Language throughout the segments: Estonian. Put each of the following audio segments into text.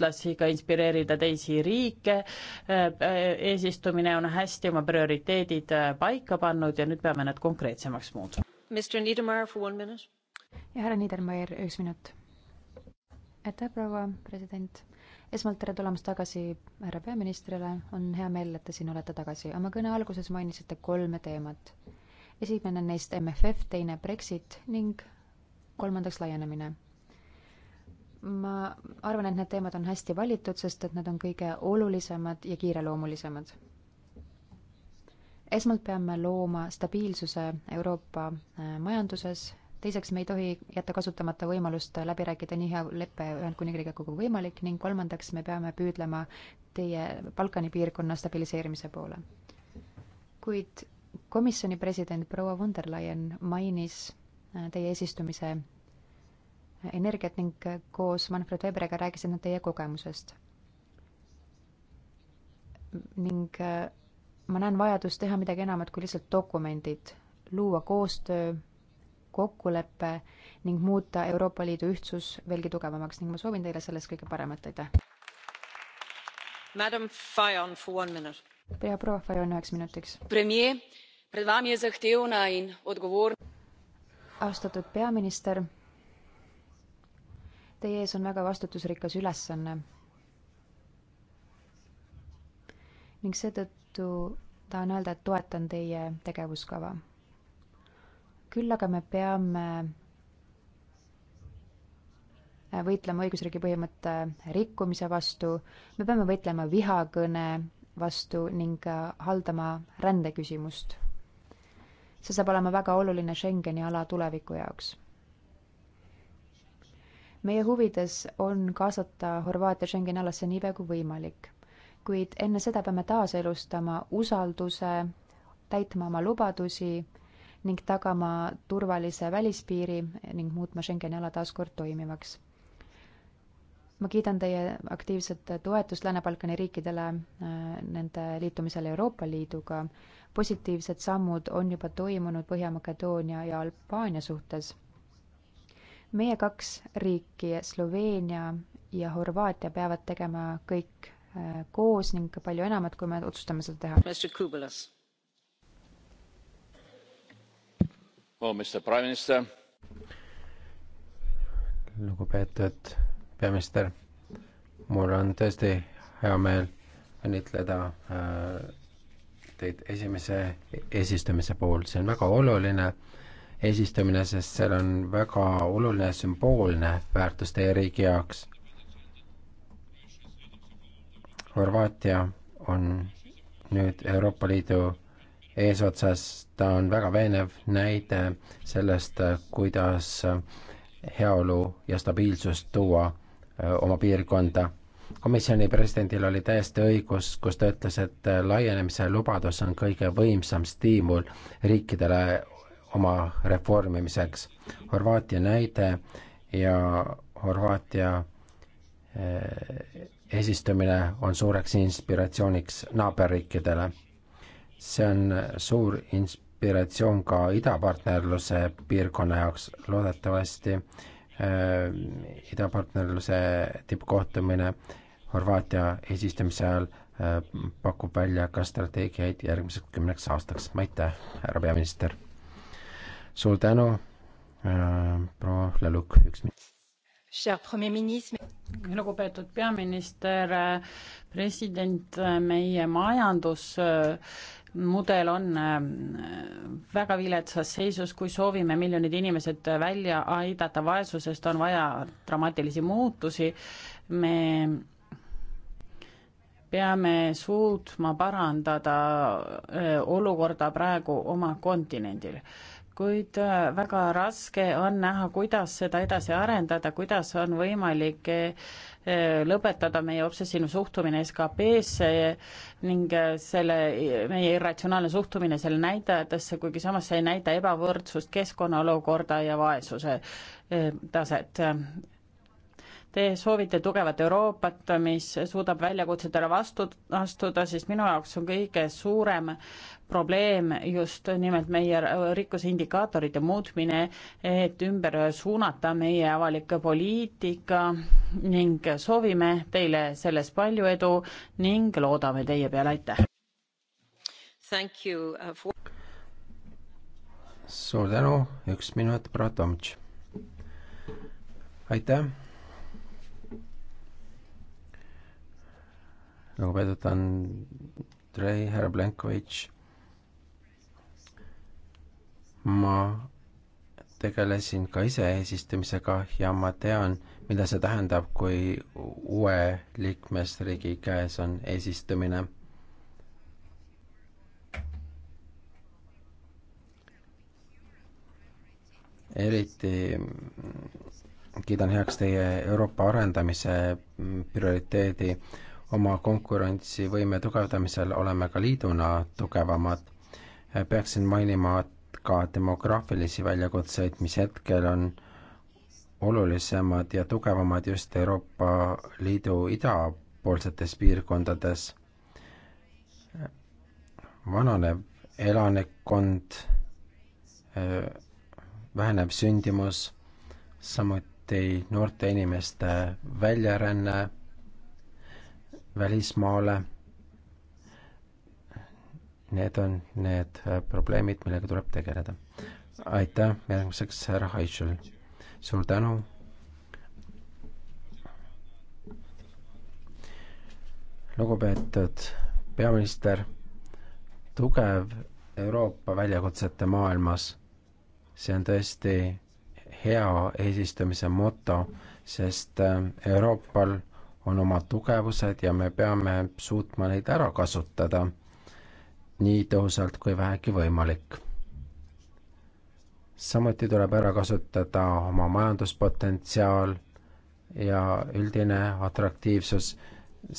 ühtlasi ka inspireerida teisi riike. Äh, eesistumine on hästi oma prioriteedid äh, paika pannud ja nüüd peame need konkreetsemaks muutma. ja härra Niedermayer, üks minut. aitäh, proua president esmalt tere tulemast tagasi härra peaministrile, on hea meel, et te siin olete tagasi. oma kõne alguses mainisite kolme teemat. esimene neist MFF, teine Brexit ning kolmandaks laienemine ma arvan, et need teemad on hästi valitud, sest et nad on kõige olulisemad ja kiireloomulisemad. esmalt peame looma stabiilsuse Euroopa äh, majanduses, teiseks me ei tohi jätta kasutamata võimalust läbi rääkida nii hea leppe Ühendkuningriigiga kui võimalik ning kolmandaks me peame püüdlema teie Balkani piirkonna stabiliseerimise poole. kuid komisjoni president proua von der Leyen mainis äh, teie eesistumise energiat ning äh, koos Manfred Weberiga rääkisid nad teie kogemusest. ning äh, ma näen vajadust teha midagi enamat kui lihtsalt dokumendid, luua koostöö, kokkulepe ning muuta Euroopa Liidu ühtsus veelgi tugevamaks ning ma soovin teile selles kõige paremat, aitäh! proua Fajon üheks minutiks. austatud peaminister Teie ees on väga vastutusrikas ülesanne. ning seetõttu tahan öelda, et toetan teie tegevuskava. küll aga me peame äh, võitlema õigusriigi põhimõtte rikkumise vastu, me peame võitlema vihakõne vastu ning äh, haldama rändeküsimust. see saab olema väga oluline Schengeni ala tuleviku jaoks meie huvides on kaasata Horvaatia Schengeni alasse niipea kui võimalik. kuid enne seda peame taaselustama usalduse, täitma oma lubadusi ning tagama turvalise välispiiri ning muutma Schengeni ala taas kord toimivaks. ma kiidan teie aktiivset toetust Lääne-Balkani riikidele äh, nende liitumisel Euroopa Liiduga. positiivsed sammud on juba toimunud Põhja-Makedoonia ja Albaania suhtes meie kaks riiki, Sloveenia ja Horvaatia, peavad tegema kõik äh, koos ning palju enamat, kui me otsustame seda teha. lugupeetud peaminister, mul on tõesti hea meel õnnitleda äh, teid esimese e-, eesistumise puhul, see on väga oluline äh, eesistumine, sest seal on väga oluline sümboolne väärtus teie riigi jaoks. Horvaatia on nüüd Euroopa Liidu eesotsas, ta on väga veenev näide sellest, kuidas heaolu ja stabiilsust tuua oma piirkonda. komisjoni presidendil oli täiesti õigus, kus ta ütles, et laienemise lubadus on kõige võimsam stiimul riikidele oma reformimiseks. Horvaatia näide ja Horvaatia eh, eesistumine on suureks inspiratsiooniks naaberriikidele. see on suur inspiratsioon ka idapartnerluse piirkonna jaoks, loodetavasti äh, idapartnerluse tippkohtumine Horvaatia eesistumise ajal äh, pakub välja ka strateegiaid järgmiseks kümneks aastaks. aitäh, härra peaminister! suur tänu äh,, proua Leluk, üks minut. lugupeetud peaminister, äh, president, äh, meie majandusmudel on äh, väga viletsas seisus, kui soovime miljonid inimesed välja aidata vaesusest, on vaja dramaatilisi muutusi. me peame suutma parandada olukorda praegu oma kontinendil kuid äh, väga raske on näha, kuidas seda edasi arendada, kuidas on võimalik äh, äh, lõpetada meie obsessiivne suhtumine SKP-sse ning selle, meie irratsionaalne suhtumine selle näitajatesse, kuigi samas see ei näita ebavõrdsust, keskkonnaolukorda ja vaesuse taset Te soovite tugevat Euroopat, mis suudab väljakutsetele vastu astuda, siis minu jaoks on kõige suurem probleem just nimelt meie rikkuse indikaatorite muutmine, et ümber suunata meie avalik poliitika ning soovime teile selles palju edu ning loodame teie peale, aitäh! Uh, for... suur tänu, üks minut, Bratomtš. aitäh! lugupeetud nagu Andrei, härra Plenkovitš. ma tegelesin ka ise eesistumisega ja ma tean, mida see tähendab, kui uue liikmesriigi käes on eesistumine. eriti kiidan heaks teie Euroopa arendamise prioriteedi oma konkurentsivõime tugevdamisel oleme ka liiduna tugevamad. peaksin mainima ka demograafilisi väljakutseid, mis hetkel on olulisemad ja tugevamad just Euroopa Liidu idapoolsetes piirkondades. vananev elanikkond, vähenev sündimus, samuti noorte inimeste väljaränne välismaale. Need on need äh, probleemid, millega tuleb tegeleda. aitäh, järgmiseks härra Haišel. suur tänu. lugupeetud peaminister, tugev Euroopa väljakutsete maailmas, see on tõesti hea eesistumise moto, sest äh, Euroopal on oma tugevused ja me peame suutma neid ära kasutada nii tõhusalt kui vähegi võimalik. samuti tuleb ära kasutada oma majanduspotentsiaal ja üldine atraktiivsus,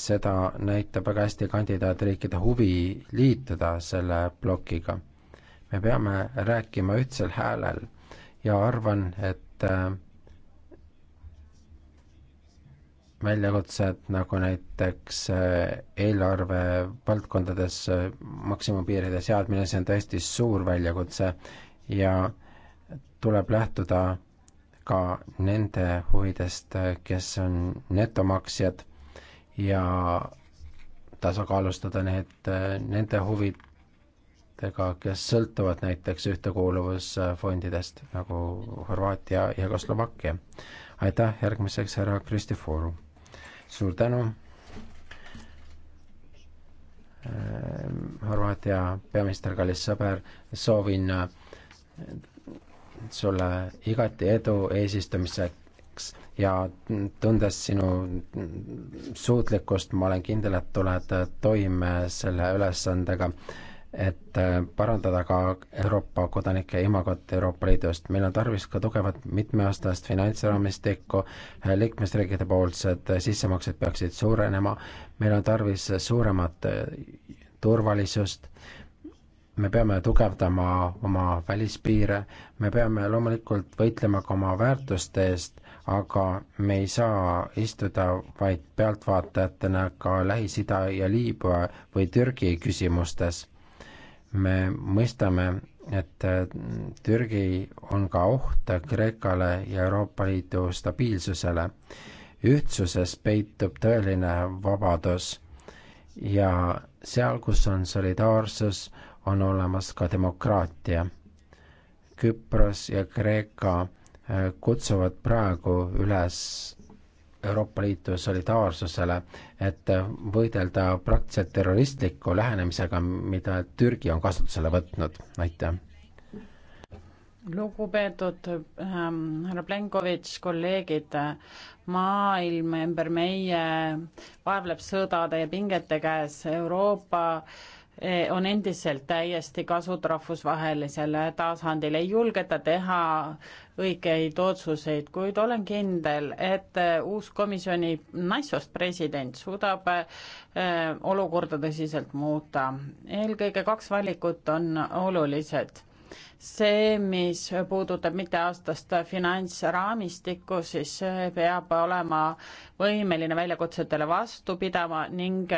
seda näitab väga hästi kandidaatriikide huvi liituda selle plokiga. me peame rääkima ühtsel häälel ja arvan, et äh, väljakutsed, nagu näiteks äh, eelarve valdkondades äh, maksimumpiiride seadmine, see on tõesti suur väljakutse ja tuleb lähtuda ka nende huvidest, äh, kes on netomaksjad ja tasakaalustada need, nende huvidega, kes sõltuvad näiteks ühtekuuluvusfondidest, nagu Horvaatia ja ka Slovakkia. aitäh, järgmiseks härra Kristi Foorum! suur tänu. Horvaatia äh, peaminister, kallis sõber, soovin äh, sulle igati edu eesistumiseks ja tundes sinu suutlikkust, ma olen kindel, et tuled toime selle ülesandega et äh, parandada ka Euroopa kodanike imagot Euroopa Liidust. meil on tarvis ka tugevat mitmeaastast finantsraamistikku, äh, liikmesriikide poolsed äh, sissemaksed peaksid suurenema, meil on tarvis suuremat turvalisust, me peame tugevdama oma välispiire, me peame loomulikult võitlema ka oma väärtuste eest, aga me ei saa istuda vaid pealtvaatajatena ka Lähis-Ida ja Liibüa või Türgi küsimustes me mõistame, et äh, Türgi on ka oht Kreekale ja Euroopa Liidu stabiilsusele. ühtsuses peitub tõeline vabadus ja seal, kus on solidaarsus, on olemas ka demokraatia. Küpros ja Kreeka äh, kutsuvad praegu üles Euroopa Liitu solidaarsusele, et võidelda praktiliselt terroristliku lähenemisega, mida Türgi on kasutusele võtnud, aitäh. lugupeetud ähm, härra ähm, Plenkovitš, kolleegid, maailm ümber meie vaevleb sõdade ja pingete käes, Euroopa äh, Eh, on endiselt täiesti kasut rahvusvahelisele tasandile, ei julgeta teha õigeid otsuseid, kuid olen kindel, et eh, uus komisjoni naissoost president suudab eh, olukorda tõsiselt muuta. eelkõige kaks valikut on olulised see, mis puudutab mitteaastast finantsraamistikku, siis peab olema võimeline väljakutsetele vastu pidama ning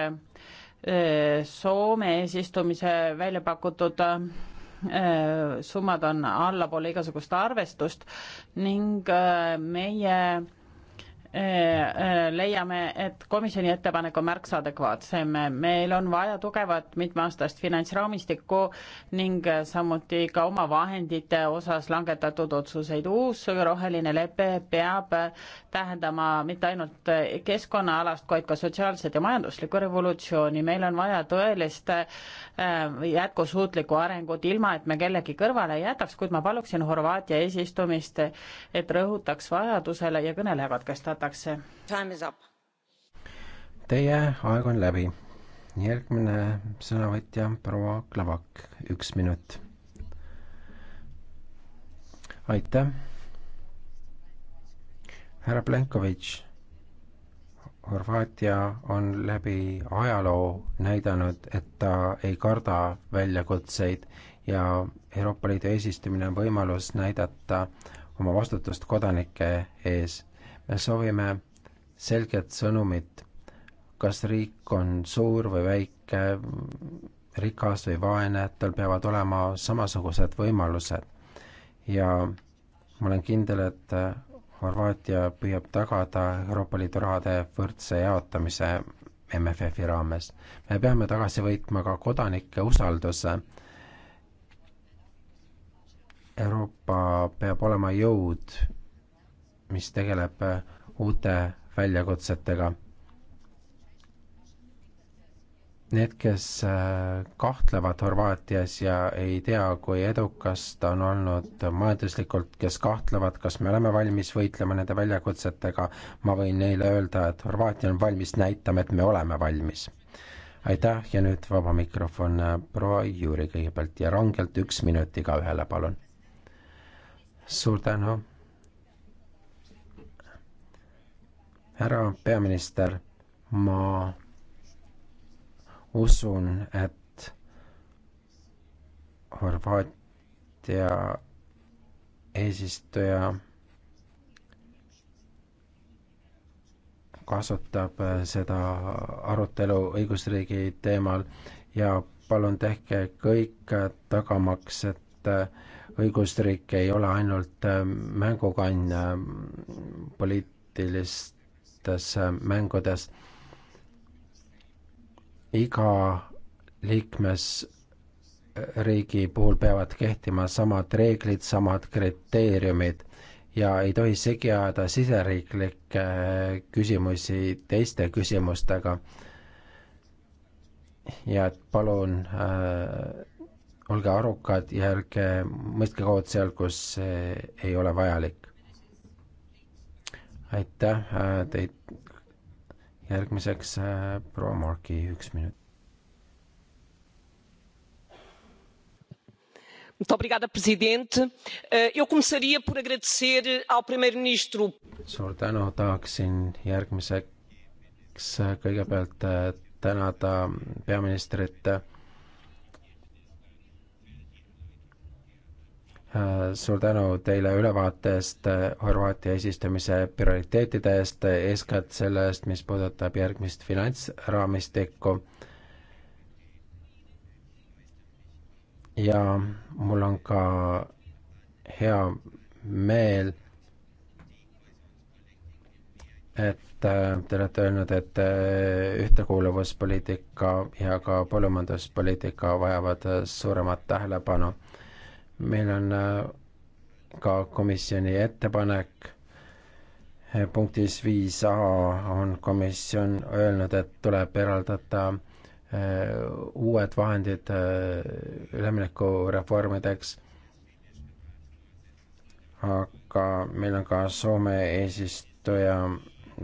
Soome eesistumise välja pakutud äh, summad on allapoole igasugust arvestust ning äh, meie Äh, äh, leiame, et komisjoni ettepanek on märksa adekvaatsem. meil on vaja tugevat mitmeaastast finantsraamistikku ning samuti ka oma vahendite osas langetatud otsuseid. uus roheline lepe peab tähendama mitte ainult keskkonnaalast, vaid ka sotsiaalset ja majanduslikku revolutsiooni. meil on vaja tõelist äh, jätkusuutlikku arengut, ilma et me kellegi kõrvale ei jätaks, kuid ma paluksin Horvaatia eesistumist, et rõhutaks vajadusele ja kõneleja katkestada määratakse. Teie aeg on läbi. järgmine sõnavõtja, proua Klavak, üks minut. aitäh. härra Plenkovitš Horvaatia on läbi ajaloo näidanud, et ta ei karda väljakutseid ja Euroopa Liidu eesistumine on võimalus näidata oma vastutust kodanike ees me soovime selget sõnumit, kas riik on suur või väike, rikas või vaene, tal peavad olema samasugused võimalused. ja ma olen kindel, et Horvaatia püüab tagada Euroopa Liidu rahade võrdse jaotamise MFF-i raames. me peame tagasi võitma ka kodanike usalduse. Euroopa peab olema jõud, mis tegeleb äh, uute väljakutsetega. Need, kes äh, kahtlevad Horvaatias ja ei tea, kui edukas ta on olnud majanduslikult, kes kahtlevad, kas me oleme valmis võitlema nende väljakutsetega, ma võin neile öelda, et Horvaatia on valmis näitama, et me oleme valmis. aitäh ja nüüd vaba mikrofon äh, proua Jüri kõigepealt ja rangelt üks minut igaühele, palun. suur tänu härra peaminister, ma usun, et Horvaatia eesistuja kasutab äh, seda arutelu õigusriigi teemal ja palun tehke kõik tagamaks, et äh, õigusriik ei ole ainult äh, mängukann poliitilist sellistes äh, mängudes. iga liikmesriigi puhul peavad kehtima samad reeglid, samad kriteeriumid ja ei tohi segi ajada siseriiklikke äh, küsimusi teiste küsimustega. ja et palun äh, olge arukad ja ärge mõistke kaud seal, kus äh, ei ole vajalik aitäh äh, teid. järgmiseks äh, proua Marki, üks minut. Obrigada, presidente. Eh, eu começaria por agradecer ao primeiro-ministro. Suur tänu, tahaksin järgmiseks kõigepealt eh, tänada peaministrit Äh, suur tänu teile ülevaate eest äh, Horvaatia eesistumise prioriteetide eest, äh, eeskätt selle eest, mis puudutab järgmist finantsraamistikku. ja mul on ka hea meel, et te olete öelnud, et ühtekuuluvuspoliitika ja ka põllumajanduspoliitika vajavad suuremat tähelepanu meil on äh, ka komisjoni ettepanek, äh, punktis viis A on komisjon öelnud, et tuleb eraldada äh, uued vahendid üleminekureformideks, aga meil on ka Soome eesistuja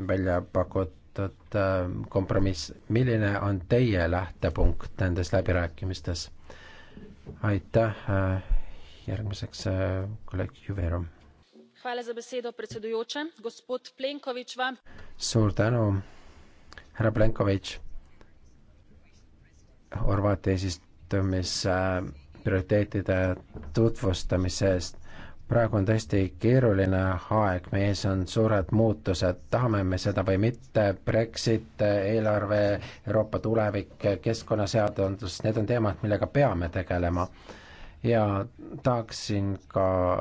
välja pakutud kompromiss. milline on teie lähtepunkt nendes läbirääkimistes? aitäh järgmiseks äh, kolleeg Juvero. suur tänu, härra Plenkovitš. Horvaatia eesistumise äh, prioriteetide tutvustamise eest. praegu on tõesti keeruline aeg, meie ees on suured muutused, tahame me seda või mitte, Brexit, eelarve, Euroopa tulevik, keskkonnaseadus, need on teemad, millega peame tegelema ja tahaksin ka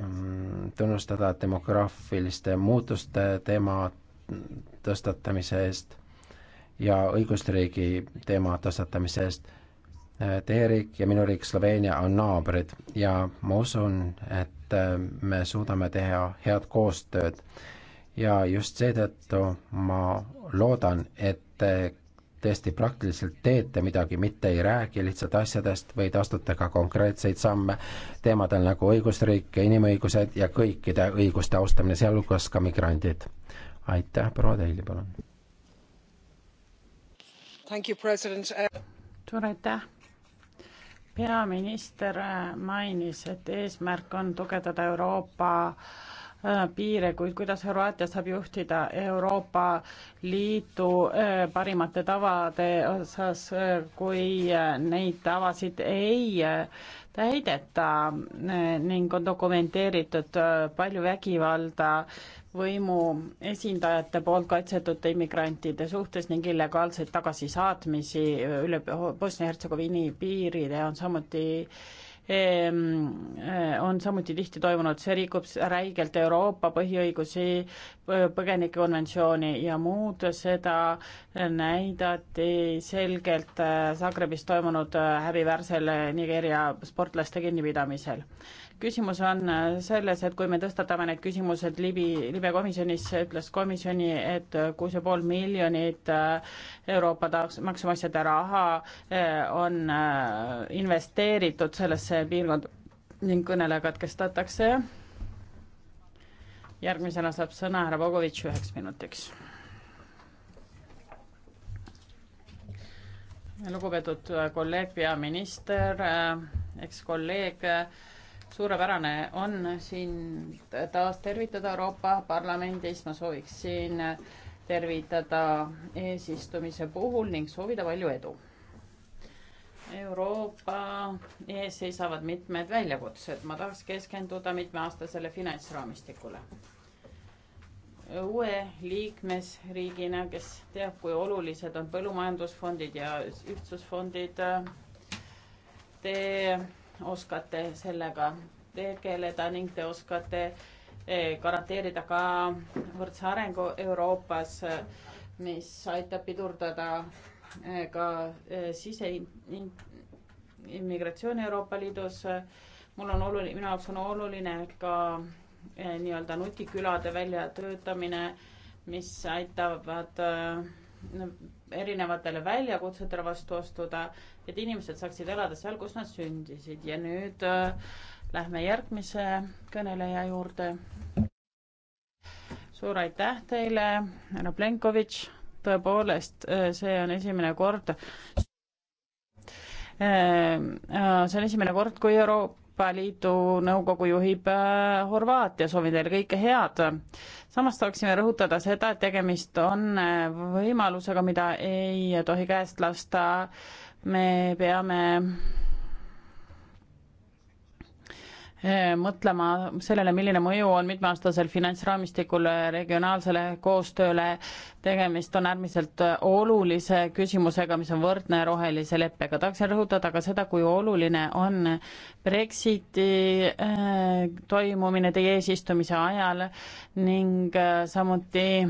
mm, tunnustada demograafiliste muutuste teema tõstatamise eest ja õigusriigi teema tõstatamise eest. Teie riik ja minu riik Sloveenia on naabrid ja ma usun, et äh, me suudame teha head koostööd. ja just seetõttu ma loodan, et te äh, tõesti praktiliselt teete midagi, mitte ei räägi lihtsalt asjadest, vaid astute ka konkreetseid samme teemadel nagu õigusriik ja inimõigused ja kõikide õiguste austamine, sealhulgas ka migrandid. aitäh, proua Teili, palun. Uh, suur aitäh. peaminister mainis, et eesmärk on tugevdada Euroopa äh, Äh, piire, kuid kuidas Horvaatia saab juhtida Euroopa Liitu äh, parimate tavade osas, äh, kui neid tavasid ei täideta ning on dokumenteeritud palju vägivalda võimu esindajate poolt kaitsetute immigrantide suhtes ning illegaalseid tagasisaatmisi üle Bosnia-Hertsegoviini piiride on samuti Ehm, eh, on samuti tihti toimunud, see rikub räigelt Euroopa põhiõigusi, põgenikekonventsiooni ja muud, seda näidati selgelt eh, Zagrebis toimunud eh, häbiväärsel Nigeeria sportlaste kinnipidamisel küsimus on äh, selles, et kui me tõstatame need küsimused libi, libe komisjonis, ütles komisjoni, et äh, kuus ja pool miljonit äh, Euroopa tahaks, maksumaksjate raha on investeeritud sellesse piirkonda ning kõnele katkestatakse. järgmisena saab sõna härra Bogovitš üheks minutiks. lugupeetud kolleeg peaminister, ekskolleeg suurepärane on siin taas tervitada Euroopa Parlamendis, ma sooviksin tervitada eesistumise puhul ning soovida palju edu. Euroopa ees seisavad mitmed väljakutsed, ma tahaks keskenduda mitmeaastasele finantsraamistikule. uue liikmesriigina, kes teab, kui olulised on põllumajandusfondid ja ühtsusfondid, te oskate sellega tegeleda ning te oskate eh, garanteerida ka võrdse arengu Euroopas, mis aitab pidurdada eh, ka eh, siseimmigratsiooni Euroopa Liidus. mul on oluline, minu jaoks on oluline ka nii-öelda nutikülade väljatöötamine, mis aitavad erinevatele väljakutsetele vastu astuda, et inimesed saaksid elada seal, kus nad sündisid ja nüüd äh, lähme järgmise kõneleja juurde. suur aitäh teile, härra Plenkovitš, tõepoolest, äh, see on esimene kord, äh, see on esimene kord, kui Euroopa Euroopa Liidu Nõukogu juhib äh, Horvaatia, soovin teile kõike head. samas tahaksime rõhutada seda, et tegemist on äh, võimalusega, mida ei tohi käest lasta, me peame Eh, mõtlema sellele, milline mõju on mitmeaastasel finantsraamistikul regionaalsele koostööle. tegemist on äärmiselt eh, olulise küsimusega, mis on võrdne rohelise leppega. tahaksin rõhutada ka seda, kui oluline on Brexiti eh, toimumine teie eesistumise ajal ning samuti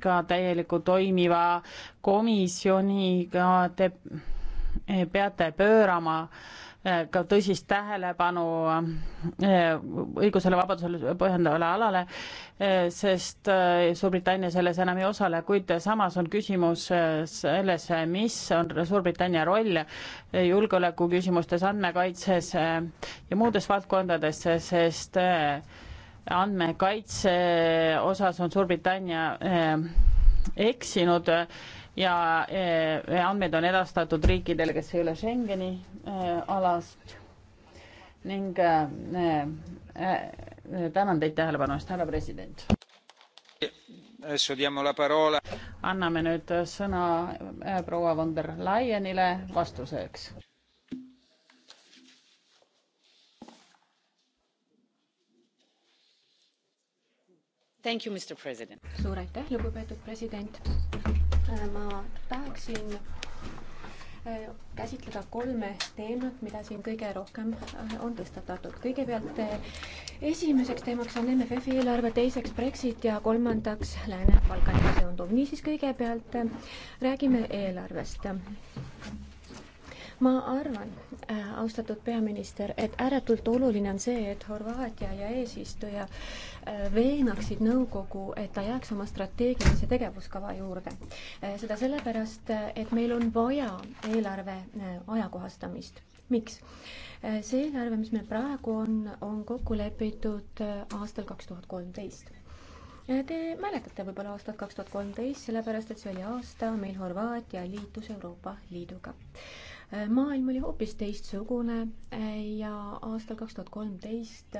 ka täieliku toimiva komisjoniga te peate pöörama äh, Äh, ka tõsist tähelepanu äh, õigusele, vabadusele põhjendavale alale, äh, sest Suurbritannia selles enam ei osale, kuid samas on küsimus selles, mis on Suurbritannia roll julgeoleku küsimustes, andmekaitses ja muudes valdkondades, sest andmekaitse osas on Suurbritannia eksinud ja eh, andmed on edastatud riikidele, kes ei ole Schengeni eh, alas ning eh, tänan teid tähelepanu eest, härra president. anname nüüd sõna proua von der Leyenile vastuseks. suur aitäh, lugupeetud president Äh, ma tahaksin äh, käsitleda kolme teemat, mida siin kõige rohkem äh, on tõstatatud. kõigepealt esimeseks teemaks on MFF-i eelarve, teiseks Brexit ja kolmandaks Lääne-Balkaniga seonduv. niisiis, kõigepealt räägime eelarvest ma arvan, äh, austatud peaminister, et ääretult oluline on see, et Horvaatia ja eesistuja äh, veenaksid nõukogu, et ta jääks oma strateegilise tegevuskava juurde. Äh, seda sellepärast, et meil on vaja eelarve ajakohastamist miks? see eelarve, mis meil praegu on, on kokku lepitud aastal kaks tuhat kolmteist. Te mäletate võib-olla aastat kaks tuhat kolmteist, sellepärast et see oli aasta, mil Horvaatia liitus Euroopa Liiduga maailm oli hoopis teistsugune eh, ja aastal kaks tuhat kolmteist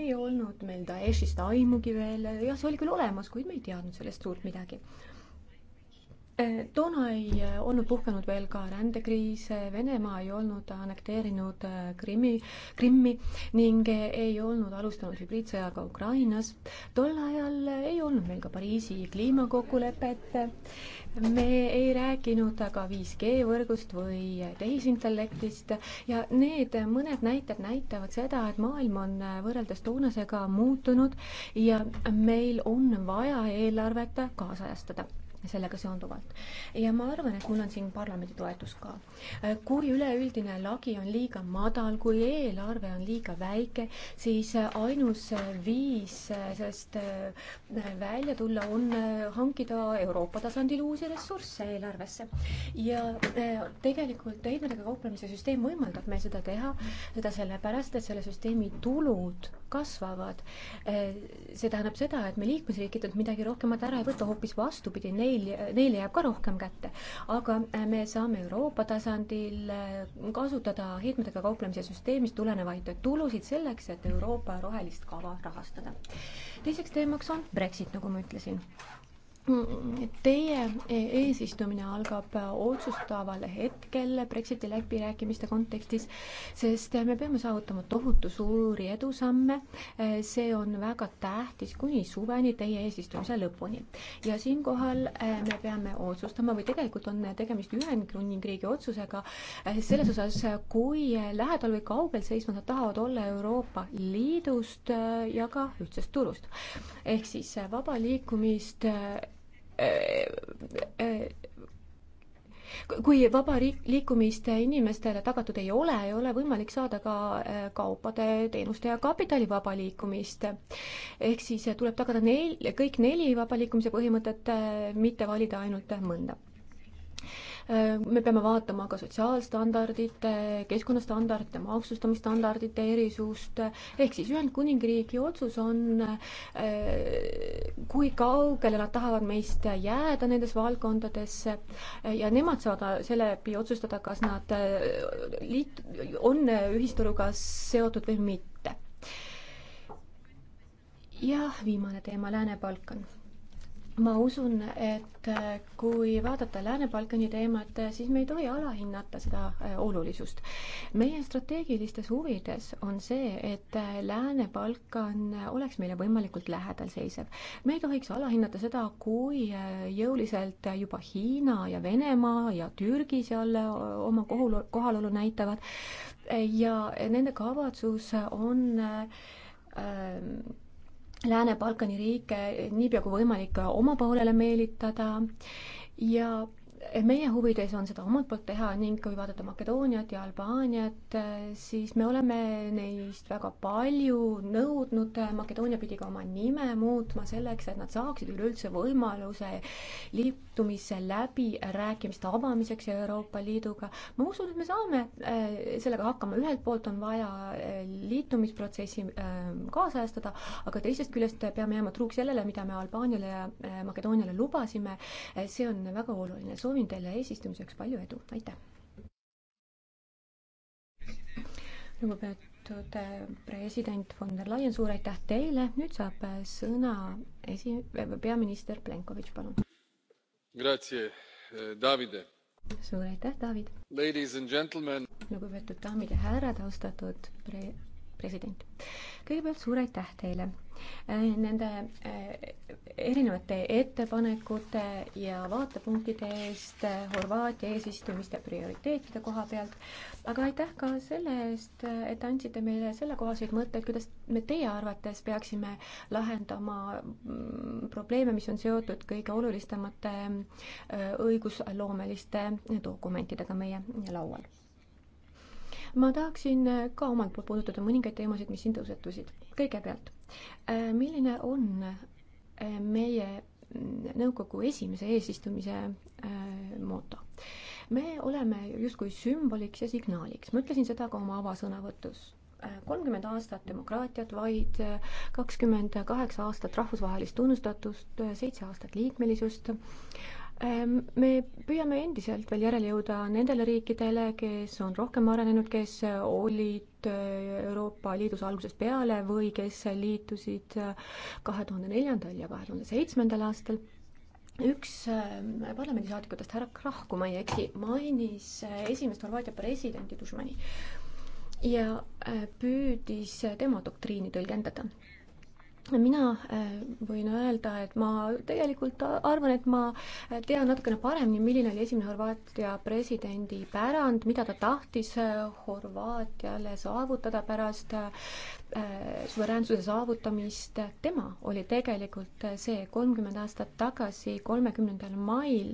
ei olnud meil Daeshist aimugi veel, jah, see oli küll olemas, kuid me ei teadnud sellest suurt midagi Eh, toona ei eh, olnud puhkenud veel ka rändekriis, eh, Venemaa ei olnud annekteerinud Krimmi, Krimmi ning ei olnud alustanud hübriidsõjaga Ukrainas. tol ajal ei olnud meil ka Pariisi kliimakokkulepet. me ei rääkinud ka 5G võrgust või tehisintellektist ja need mõned näited näitavad seda, et maailm on võrreldes toonasega muutunud ja meil on vaja eelarvet kaasajastada sellega seonduvalt. ja ma arvan, et mul on siin parlamendi toetus ka. Äh, kui üleüldine lagi on liiga madal, kui eelarve on liiga väike, siis äh, ainus äh, viis sellest välja tulla on hankida Euroopa tasandil uusi ressursse eelarvesse. ja tegelikult heitmetega kauplemise süsteem võimaldab meil seda teha, seda sellepärast, et selle süsteemi tulud kasvavad. Eh, see tähendab seda, et me liikmesriikidelt midagi rohkemat ära ei võta, hoopis vastupidi, neil, neile jääb ka rohkem kätte. aga eh, me saame Euroopa tasandil eh, kasutada heitmetega kauplemise süsteemist tulenevaid tulusid selleks, et Euroopa rohelist kava rahastada. teiseks teemaks on Brexit, nagu ma ütlesin Teie eesistumine algab otsustaval hetkel Brexiti läbirääkimiste kontekstis, sest me peame saavutama tohutu suuri edusamme. see on väga tähtis kuni suveni, teie eesistumise lõpuni. ja siinkohal eh, me peame otsustama või tegelikult on tegemist Ühendkuningriigi otsusega eh, selles osas, kui lähedal või kaugel seisma nad tahavad olla Euroopa Liidust eh, ja ka ühtsest turust. ehk siis vaba liikumist Äh, äh, kui vaba riik, liikumist inimestele tagatud ei ole, ei ole võimalik saada ka äh, kaupade, teenuste ja kapitali vaba liikumist. ehk siis tuleb tagada neil, kõik neli vaba liikumise põhimõtet, mitte valida ainult mõnda me peame vaatama ka sotsiaalstandardite, keskkonnastandardite, maksustamisstandardite erisust, ehk siis Ühendkuningriigi otsus on, eh, kui kaugele nad tahavad meist jääda nendes valdkondades ja nemad saavad seeläbi otsustada, kas nad eh, liit-, on ühisturuga seotud või mitte. ja viimane teema, Lääne-Balkan ma usun, et äh, kui vaadata Lääne-Balkani teemat, äh, siis me ei tohi alahinnata seda äh, olulisust. meie strateegilistes huvides on see, et Lääne-Balkan oleks meile võimalikult lähedal seisev. me ei tohiks alahinnata seda, kui jõuliselt juba Hiina ja Venemaa ja Türgi seal oma kohul, kohalolu näitavad ja nende kavatsus on äh, ähm, Lääne-Balkani riike niipea kui võimalik oma poolele meelitada ja meie huvides on seda omalt poolt teha ning kui vaadata Makedooniat ja Albaaniat, siis me oleme neist väga palju nõudnud. Makedoonia pidi ka oma nime muutma selleks, et nad saaksid üleüldse võimaluse liitumise läbirääkimiste avamiseks Euroopa Liiduga. ma usun, et me saame äh, sellega hakkama, ühelt poolt on vaja äh, liitumisprotsessi äh, kaasajastada, aga teisest küljest peame jääma truuks sellele, mida me Albaaniale ja Makedooniale lubasime. see on väga oluline soovin teile eesistumiseks palju edu, aitäh! lugupeetud äh, president von der Leyen, suur aitäh teile, nüüd saab äh, sõna esi-, äh, peaminister Plenkovitš, palun. suur aitäh, David! lugupeetud daamid ja härrad, austatud pre-, president. kõigepealt suur aitäh teile äh, nende äh, erinevate ettepanekute ja vaatepunktide eest äh, Horvaatia eesistumiste prioriteetide koha pealt, aga aitäh ka selle eest, et andsite meile sellekohaseid mõtteid, kuidas me teie arvates peaksime lahendama mm, probleeme, mis on seotud kõige olulisemate õigusloomeliste dokumentidega meie laual ma tahaksin äh, ka omalt poolt puudutada mõningaid teemasid, mis siin tõusetusid. kõigepealt, äh, milline on äh, meie mm, nõukogu esimese eesistumise moto? me oleme justkui sümboliks ja signaaliks, ma ütlesin seda ka oma avasõnavõtus kolmkümmend aastat demokraatiat vaid, kakskümmend kaheksa aastat rahvusvahelist tunnustatust, seitse aastat liikmelisust. Ehm, me püüame endiselt veel järele jõuda nendele riikidele, kes on rohkem arenenud, kes olid äh, Euroopa Liidus algusest peale või kes liitusid äh, kahe tuhande neljandal ja kahe tuhande seitsmendal aastal. üks ähm, parlamendisaadikutest, härra Krahh, kui ma ei eksi, mainis äh, esimest Horvaatia presidenti Dušmani ja püüdis tema doktriini tõlgendada mina äh, võin öelda, et ma tegelikult arvan, et ma äh, tean natukene paremini, milline oli esimene Horvaatia presidendi pärand, mida ta tahtis äh, Horvaatiale saavutada pärast suveräänsuse saavutamist. tema oli tegelikult see kolmkümmend aastat tagasi, kolmekümnendal mail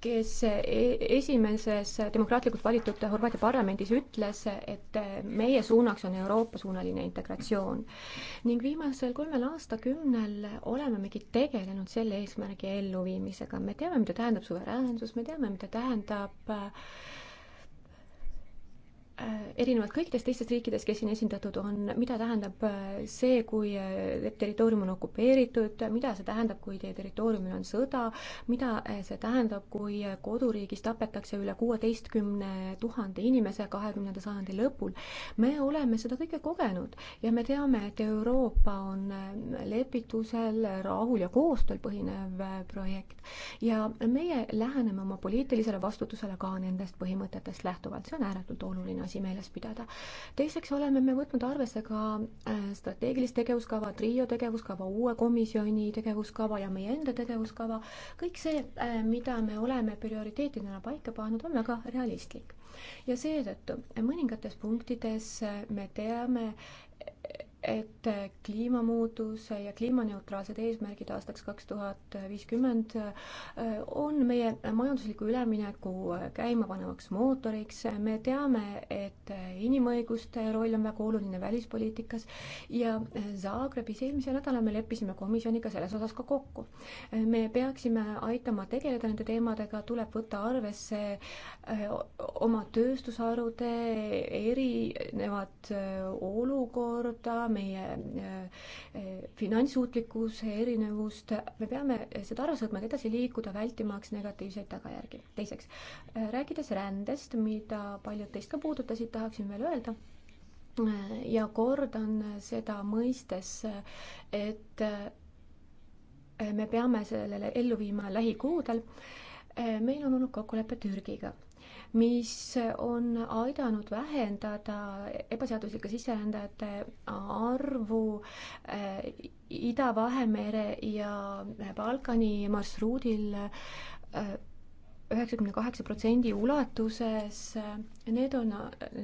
kes e-, esimeses demokraatlikult valitud Horvaatia parlamendis ütles, et meie suunaks on Euroopa-suunaline integratsioon. ning viimasel kolmel aastakümnel olemegi tegelenud selle eesmärgi elluviimisega. me teame, mida tähendab suveräänsus, me teame, mida tähendab äh, Äh, erinevad kõikidest teistest riikidest, kes siin esindatud on, mida tähendab äh, see, kui äh, territoorium on okupeeritud, mida see tähendab, kui teie territooriumil on sõda, mida see tähendab, kui koduriigis tapetakse üle kuueteistkümne tuhande inimese kahekümnenda sajandi lõpul. me oleme seda kõike kogenud ja me teame, et Euroopa on lepitusel, rahul ja koostööl põhinev projekt. ja meie läheneme oma poliitilisele vastutusele ka nendest põhimõtetest lähtuvalt, see on ääretult oluline asi meeles pidada. teiseks oleme me võtnud arvesse ka äh, strateegilist tegevuskava, TRIO tegevuskava, uue komisjoni tegevuskava ja meie enda tegevuskava. kõik see, äh, mida me oleme prioriteetidena paika pannud, on väga realistlik ja seetõttu mõningates punktides me teame, et kliimamuutus ja kliimaneutraalsed eesmärgid aastaks kaks tuhat viiskümmend äh, on meie majandusliku ülemineku käimapanevaks mootoriks. me teame, et inimõiguste roll on väga oluline välispoliitikas ja Zagrebis eelmisel nädalal me leppisime komisjoniga selles osas ka kokku. me peaksime aitama tegeleda nende teemadega, tuleb võtta arvesse äh, oma tööstusharude erinevat äh, olukorda, meie eh, finantssuutlikkuse erinevust, me peame seda ära sõitma, et edasi liikuda, vältimaks negatiivseid tagajärgi. teiseks, eh, rääkides rändest, mida paljud teist ka puudutasid, tahaksin veel öelda, eh, ja kordan seda mõistes, et me peame sellele ellu viima lähikuudel, meil on olnud kokkulepe Türgiga mis on aidanud vähendada ebaseaduslike sisserändajate arvu eh, Ida-Vahemere ja Balkani marsruudil eh, üheksakümne kaheksa protsendi ulatuses. Need on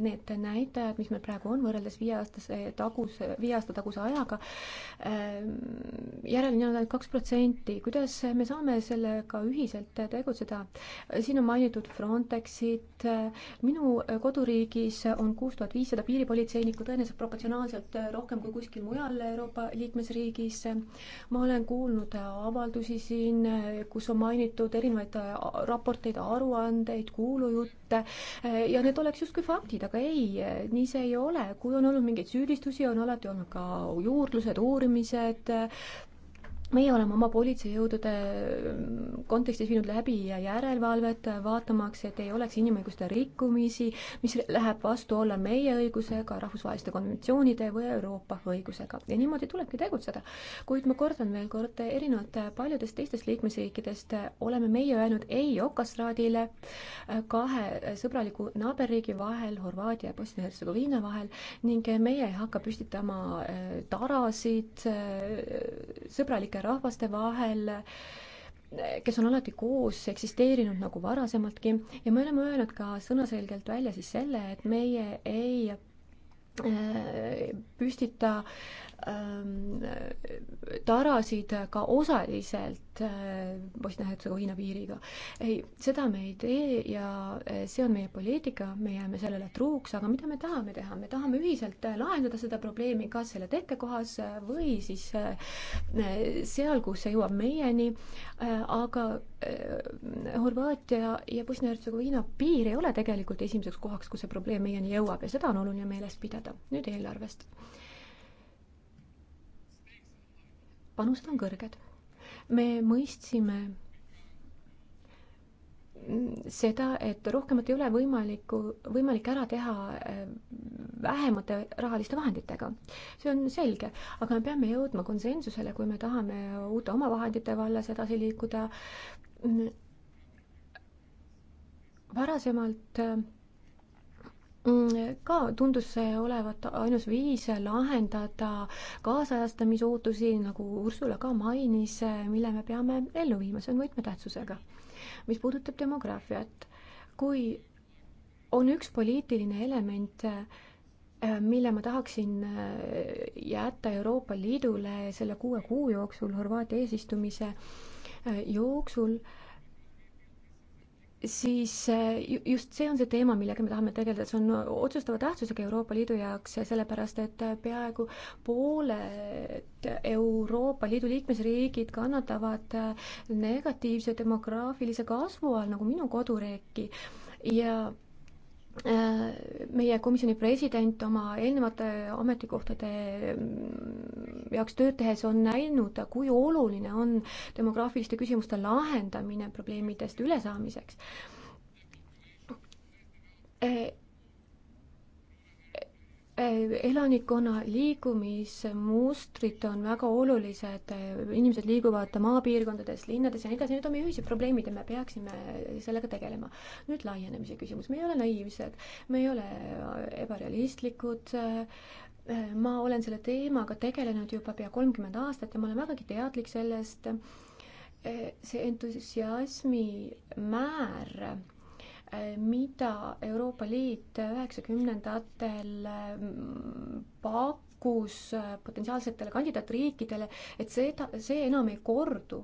need näitajad, mis meil praegu on võrreldes viieaastase taguse, viie aasta taguse ajaga. järele on ainult kaks protsenti. kuidas me saame sellega ühiselt tegutseda? siin on mainitud Frontexit. minu koduriigis on kuus tuhat viissada piiripolitseinikku, tõenäoliselt proportsionaalselt rohkem kui kuskil mujal Euroopa liikmesriigis. ma olen kuulnud avaldusi siin, kus on mainitud erinevaid raporteid, raporteid, aruandeid, kuulujutte eh, ja need oleks justkui faktid, aga ei, eh, nii see ei ole. kui on olnud mingeid süüdistusi, on alati olnud ka juurdlused, uurimised eh, meie oleme oma politseijõudude mm, kontekstis viinud läbi järelevalvet, vaatamaks, et ei oleks inimõiguste rikkumisi, mis läheb vastuolla meie õigusega, rahvusvaheliste konventsioonide või Euroopa õigusega. ja niimoodi tulebki tegutseda. kuid ma kordan veel kord, erinevalt paljudest teistest liikmesriikidest oleme meie öelnud ei okastraadile äh, kahe sõbraliku naaberriigi vahel, Horvaatia ja Bosnia-Hertsegoviina vahel ning meie ei hakka püstitama äh, tarasid äh, sõbralike rahvaste vahel, kes on alati koos eksisteerinud nagu varasemaltki ja me oleme öelnud ka sõnaselgelt välja siis selle, et meie ei äh, püstita ähm, tarasid ka osaliselt Äh, Bosnia-Hertsegoviina piiriga. ei, seda me ei tee ja äh, see on meie poliitika, me jääme sellele truuks, aga mida me tahame teha, me tahame ühiselt äh, lahendada seda probleemi kas selle tekkekohas või siis seal, kus see jõuab meieni, aga Horvaatia ja Bosnia-Hertsegoviina piir ei ole tegelikult esimeseks kohaks, kus see probleem meieni jõuab ja seda on oluline meeles pidada. nüüd eelarvest. panused on kõrged me mõistsime seda, et rohkemat ei ole võimalikku, võimalik ära teha äh, vähemate rahaliste vahenditega. see on selge, aga me peame jõudma konsensusele, kui me tahame uute omavahendite vallas edasi liikuda. varasemalt äh, Mm, ka tundus see olevat ainus viis lahendada kaasajastamisootusi, nagu Ursula ka mainis, mille me peame ellu viima, see on võtmetähtsusega. mis puudutab demograafiat, kui on üks poliitiline element, eh, mille ma tahaksin eh, jätta Euroopa Liidule selle kuue kuu jooksul, Horvaatia eesistumise eh, jooksul, siis äh, just see on see teema, millega me tahame tegeleda, see on otsustava tähtsusega Euroopa Liidu jaoks, äh, sellepärast et äh, peaaegu pooled Euroopa Liidu liikmesriigid kannatavad negatiivse demograafilise kasvu all, nagu minu koduriiki, ja Äh, meie komisjoni president oma eelnevate ametikohtade mm, jaoks tööd tehes on näinud, kui oluline on demograafiliste küsimuste lahendamine probleemidest ülesaamiseks elanikkonna liikumismustrid on väga olulised, inimesed liiguvad maapiirkondades, linnades ja nii edasi, need on meie ühised probleemid ja me peaksime sellega tegelema. nüüd laienemise küsimus, me ei ole naiivsed, me ei ole ebarealistlikud, ma olen selle teemaga tegelenud juba pea kolmkümmend aastat ja ma olen vägagi teadlik sellest, see entusiasmi määr Äh, mida Euroopa Liit üheksakümnendatel äh, pak-, kus äh, potentsiaalsetele kandidaatriikidele, et seda, see enam ei kordu.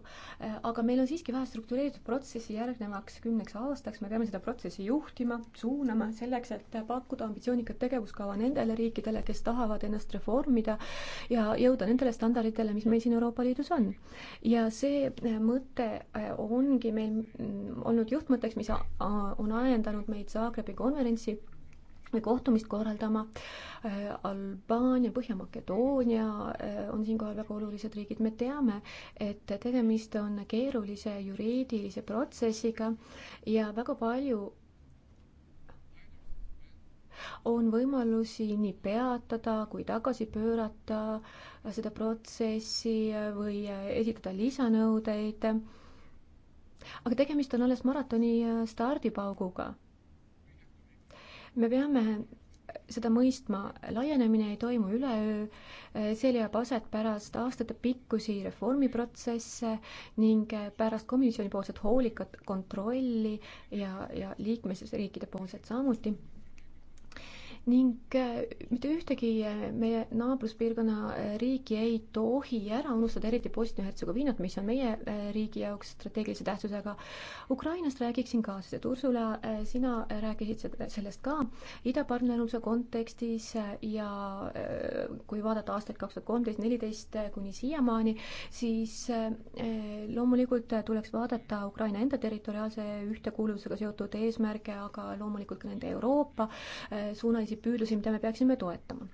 Äh, aga meil on siiski vaja struktureeritud protsessi järgnevaks kümneks aastaks, me peame seda protsessi juhtima, suunama selleks, et pakkuda ambitsioonikat tegevuskava nendele riikidele, kes tahavad ennast reformida ja jõuda nendele standarditele, mis meil siin Euroopa Liidus on. ja see äh, mõte ongi meil mm, olnud juhtmõtteks, mis on ajendanud meid Zagrebi konverentsi kohtumist korraldama. Äh, Albaania, Põhja-Makedoonia äh, on siinkohal väga olulised riigid. me teame, et tegemist on keerulise juriidilise protsessiga ja väga palju on võimalusi nii peatada kui tagasi pöörata seda protsessi või esitada lisanõudeid. aga tegemist on alles maratoni stardipauguga me peame seda mõistma, laienemine ei toimu üleöö, see leiab aset pärast aastatepikkusi reformiprotsesse ning pärast komisjonipoolset hoolikat kontrolli ja, ja liikmesriikide poolset samuti ning äh, mitte ühtegi äh, meie naabruspiirkonna äh, riiki ei tohi ära unustada, eriti Bosnia-Hertsegoviinat, mis on meie riigi jaoks strateegilise tähtsusega. Ukrainast räägiksin ka, sest et Ursula, sina rääkisid sellest ka idapartnerluse kontekstis ja kui vaadata aastaid kaks tuhat kolmteist, neliteist kuni siiamaani, siis loomulikult tuleks vaadata Ukraina enda territoriaalse ühtekuuluvusega seotud eesmärke, aga loomulikult ka nende Euroopa suunalisi poliitilisi püüdlusi, mida me peaksime toetama.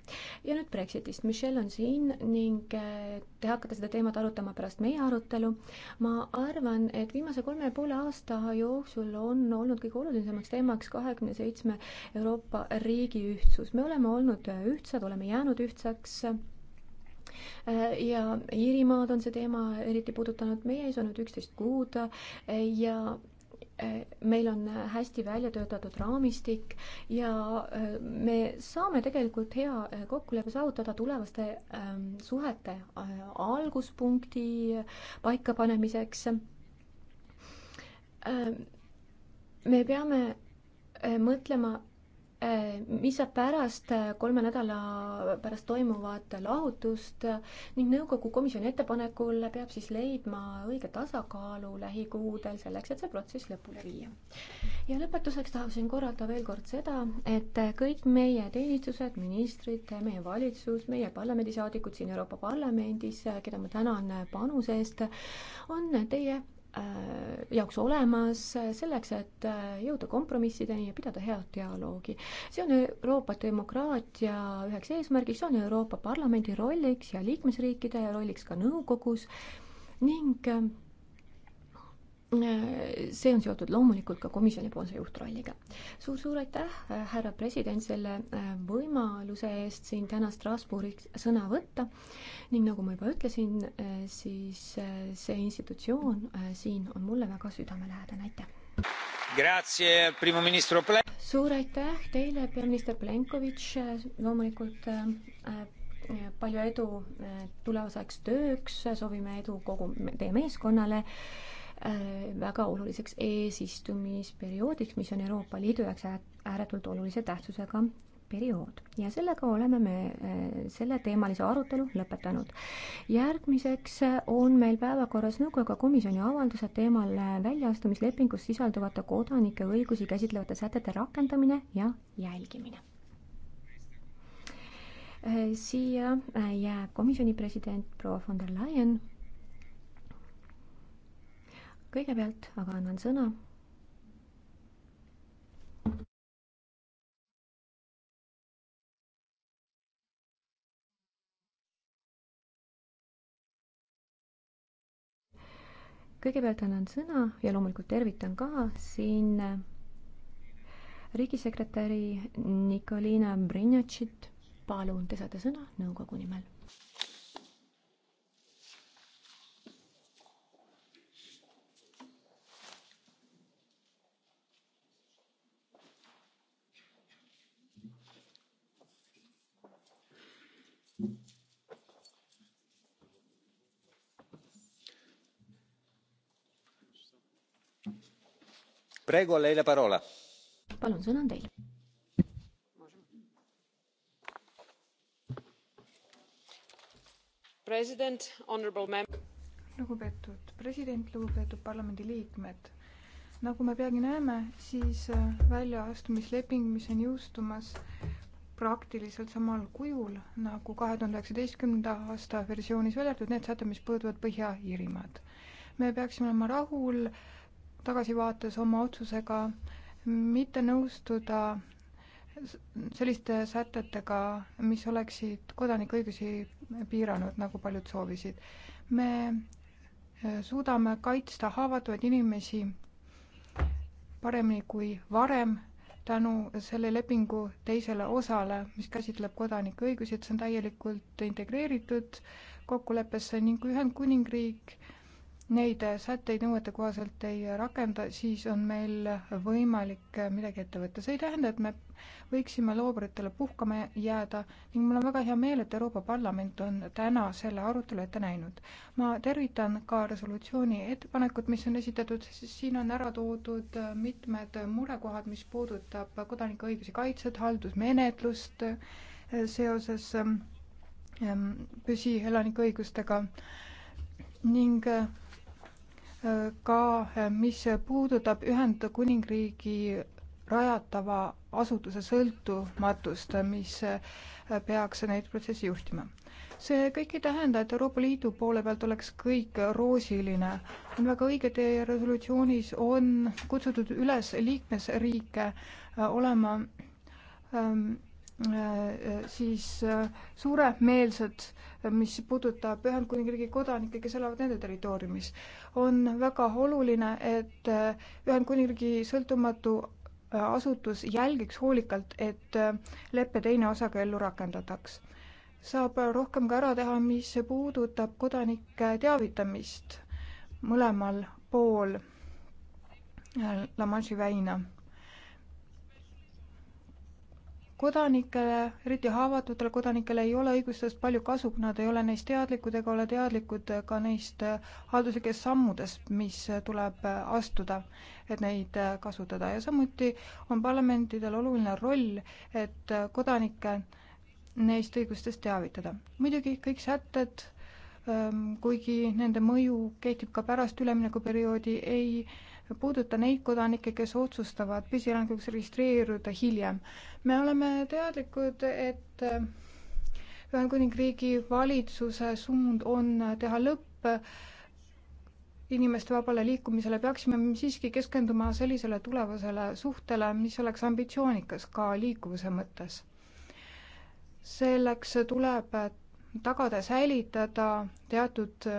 ja nüüd Brexitist. Michelle on siin ning äh, te hakkate seda teemat arutama pärast meie arutelu. ma arvan, et viimase kolme ja poole aasta jooksul on olnud kõige olulisemaks teemaks kahekümne seitsme Euroopa riigi ühtsus. me oleme olnud ühtsad, oleme jäänud ühtsaks äh, ja Iirimaad on see teema eriti puudutanud, meie ees on nüüd üksteist kuud äh, ja meil on hästi välja töötatud raamistik ja äh, me saame tegelikult hea äh, kokkuleppe saavutada tulevaste ähm, suhete äh, alguspunkti paikapanemiseks. Ähm, me peame mõtlema Äh, mis saab pärast äh, kolme nädala pärast toimuvat lahutust ning nõukogu komisjoni ettepanekul peab siis leidma õige tasakaalu lähikuudel selleks, et see protsess lõpule viia. ja lõpetuseks tahaksin korrata veel kord seda, et kõik meie teenistused, ministrid, meie valitsus, meie parlamendisaadikud siin Euroopa Parlamendis, keda ma tänan panuse eest, on teie Äh, jaoks olemas äh, selleks, et äh, jõuda kompromissideni ja pidada head dialoogi. see on Euroopa demokraatia üheks eesmärgiks, see on Euroopa Parlamendi rolliks ja liikmesriikide rolliks ka nõukogus ning see on seotud loomulikult ka komisjonipoolse juhtrolliga suur,. suur-suur aitäh, äh, härra president, selle äh, võimaluse eest siin täna Strasbourgis sõna võtta ning nagu ma juba ütlesin, äh, siis see institutsioon siin on mulle väga südamelähedane, aitäh! suur aitäh teile, peaminister Plenkovitš, loomulikult palju edu tulevaseks tööks, soovime edu kogu teie meeskonnale Äh, väga oluliseks eesistumisperioodiks, mis on Euroopa Liidu jaoks ääretult olulise tähtsusega periood ja sellega oleme me äh, selleteemalise arutelu lõpetanud. järgmiseks äh, on meil päevakorras nõukoguga komisjoni avaldused teemal väljaastumislepingus sisalduvate kodanike õigusi käsitlevate sätete rakendamine ja jälgimine. siia jääb komisjoni president proua von der Leyen kõigepealt aga annan sõna kõigepealt annan sõna ja loomulikult tervitan ka siin riigisekretäri Nikolina Brinjatšit. palun, te saate sõna nõukogu nimel palun, sõna on teil. lugupeetud president, lugupeetud parlamendiliikmed. nagu me peagi näeme, siis äh, väljaastumisleping, mis on jõustumas praktiliselt samal kujul nagu kahe tuhande üheksateistkümnenda aasta versioonis välja arvatud need sätted, mis puudutavad Põhja-Iirimaad. me peaksime olema rahul äh, tagasivaates oma otsusega mitte nõustuda selliste sätetega, mis oleksid kodanikuõigusi piiranud, nagu paljud soovisid. me suudame kaitsta haavatavaid inimesi paremini kui varem tänu selle lepingu teisele osale, mis käsitleb kodanikuõigusi, et see on täielikult integreeritud kokkuleppesse ning kui Ühendkuningriik äh, neid sätteid nõuete kohaselt ei rakenda, siis on meil võimalik äh, midagi ette võtta. see ei tähenda, et me võiksime looburitele puhkama jääda ning mul on väga hea meel, et Euroopa Parlament on täna selle arutelu ette näinud. ma tervitan ka resolutsiooni ettepanekut, mis on esitatud, sest siin on ära toodud äh, mitmed murekohad, mis puudutab kodanikuõiguse kaitset, haldusmenetlust äh, seoses ähm, ähm, püsielanike õigustega ning ka, mis puudutab Ühendkuningriigi rajatava asutuse sõltumatust, mis peaks neid protsesse juhtima. see kõik ei tähenda, et Euroopa Liidu poole pealt oleks kõik roosiline. on väga õige, teie resolutsioonis on kutsutud üles liikmesriike olema ähm, Äh, äh, siis äh, suuremeelsed, mis puudutab Ühendkuningriigi kodanikke, kes elavad nende territooriumis. on väga oluline, et Ühendkuningriigi sõltumatu asutus jälgiks hoolikalt, et leppe teine osa ka ellu rakendataks. saab rohkem ka ära teha, mis puudutab kodanike teavitamist mõlemal pool La Manche'i väina kodanikele, eriti haavatutele kodanikele ei ole õigustest palju kasu, kui nad ei ole neist teadlikud ega ole teadlikud ka neist äh, halduslikest sammudest, mis äh, tuleb äh, astuda, et neid kasutada ja samuti on parlamentidel oluline roll, et kodanikke neist õigustest teavitada. muidugi kõik sätted, ähm, kuigi nende mõju kehtib ka pärast üleminekuperioodi, ei puuduta neid kodanikke, kes otsustavad püsielanikuks registreeruda hiljem. me oleme teadlikud, et äh, Ühendkuningriigi valitsuse suund on äh, teha lõpp äh, inimeste vabale liikumisele, peaksime siiski keskenduma sellisele tulevasele suhtele, mis oleks ambitsioonikas ka liikuvuse mõttes. selleks tuleb tagada, säilitada teatud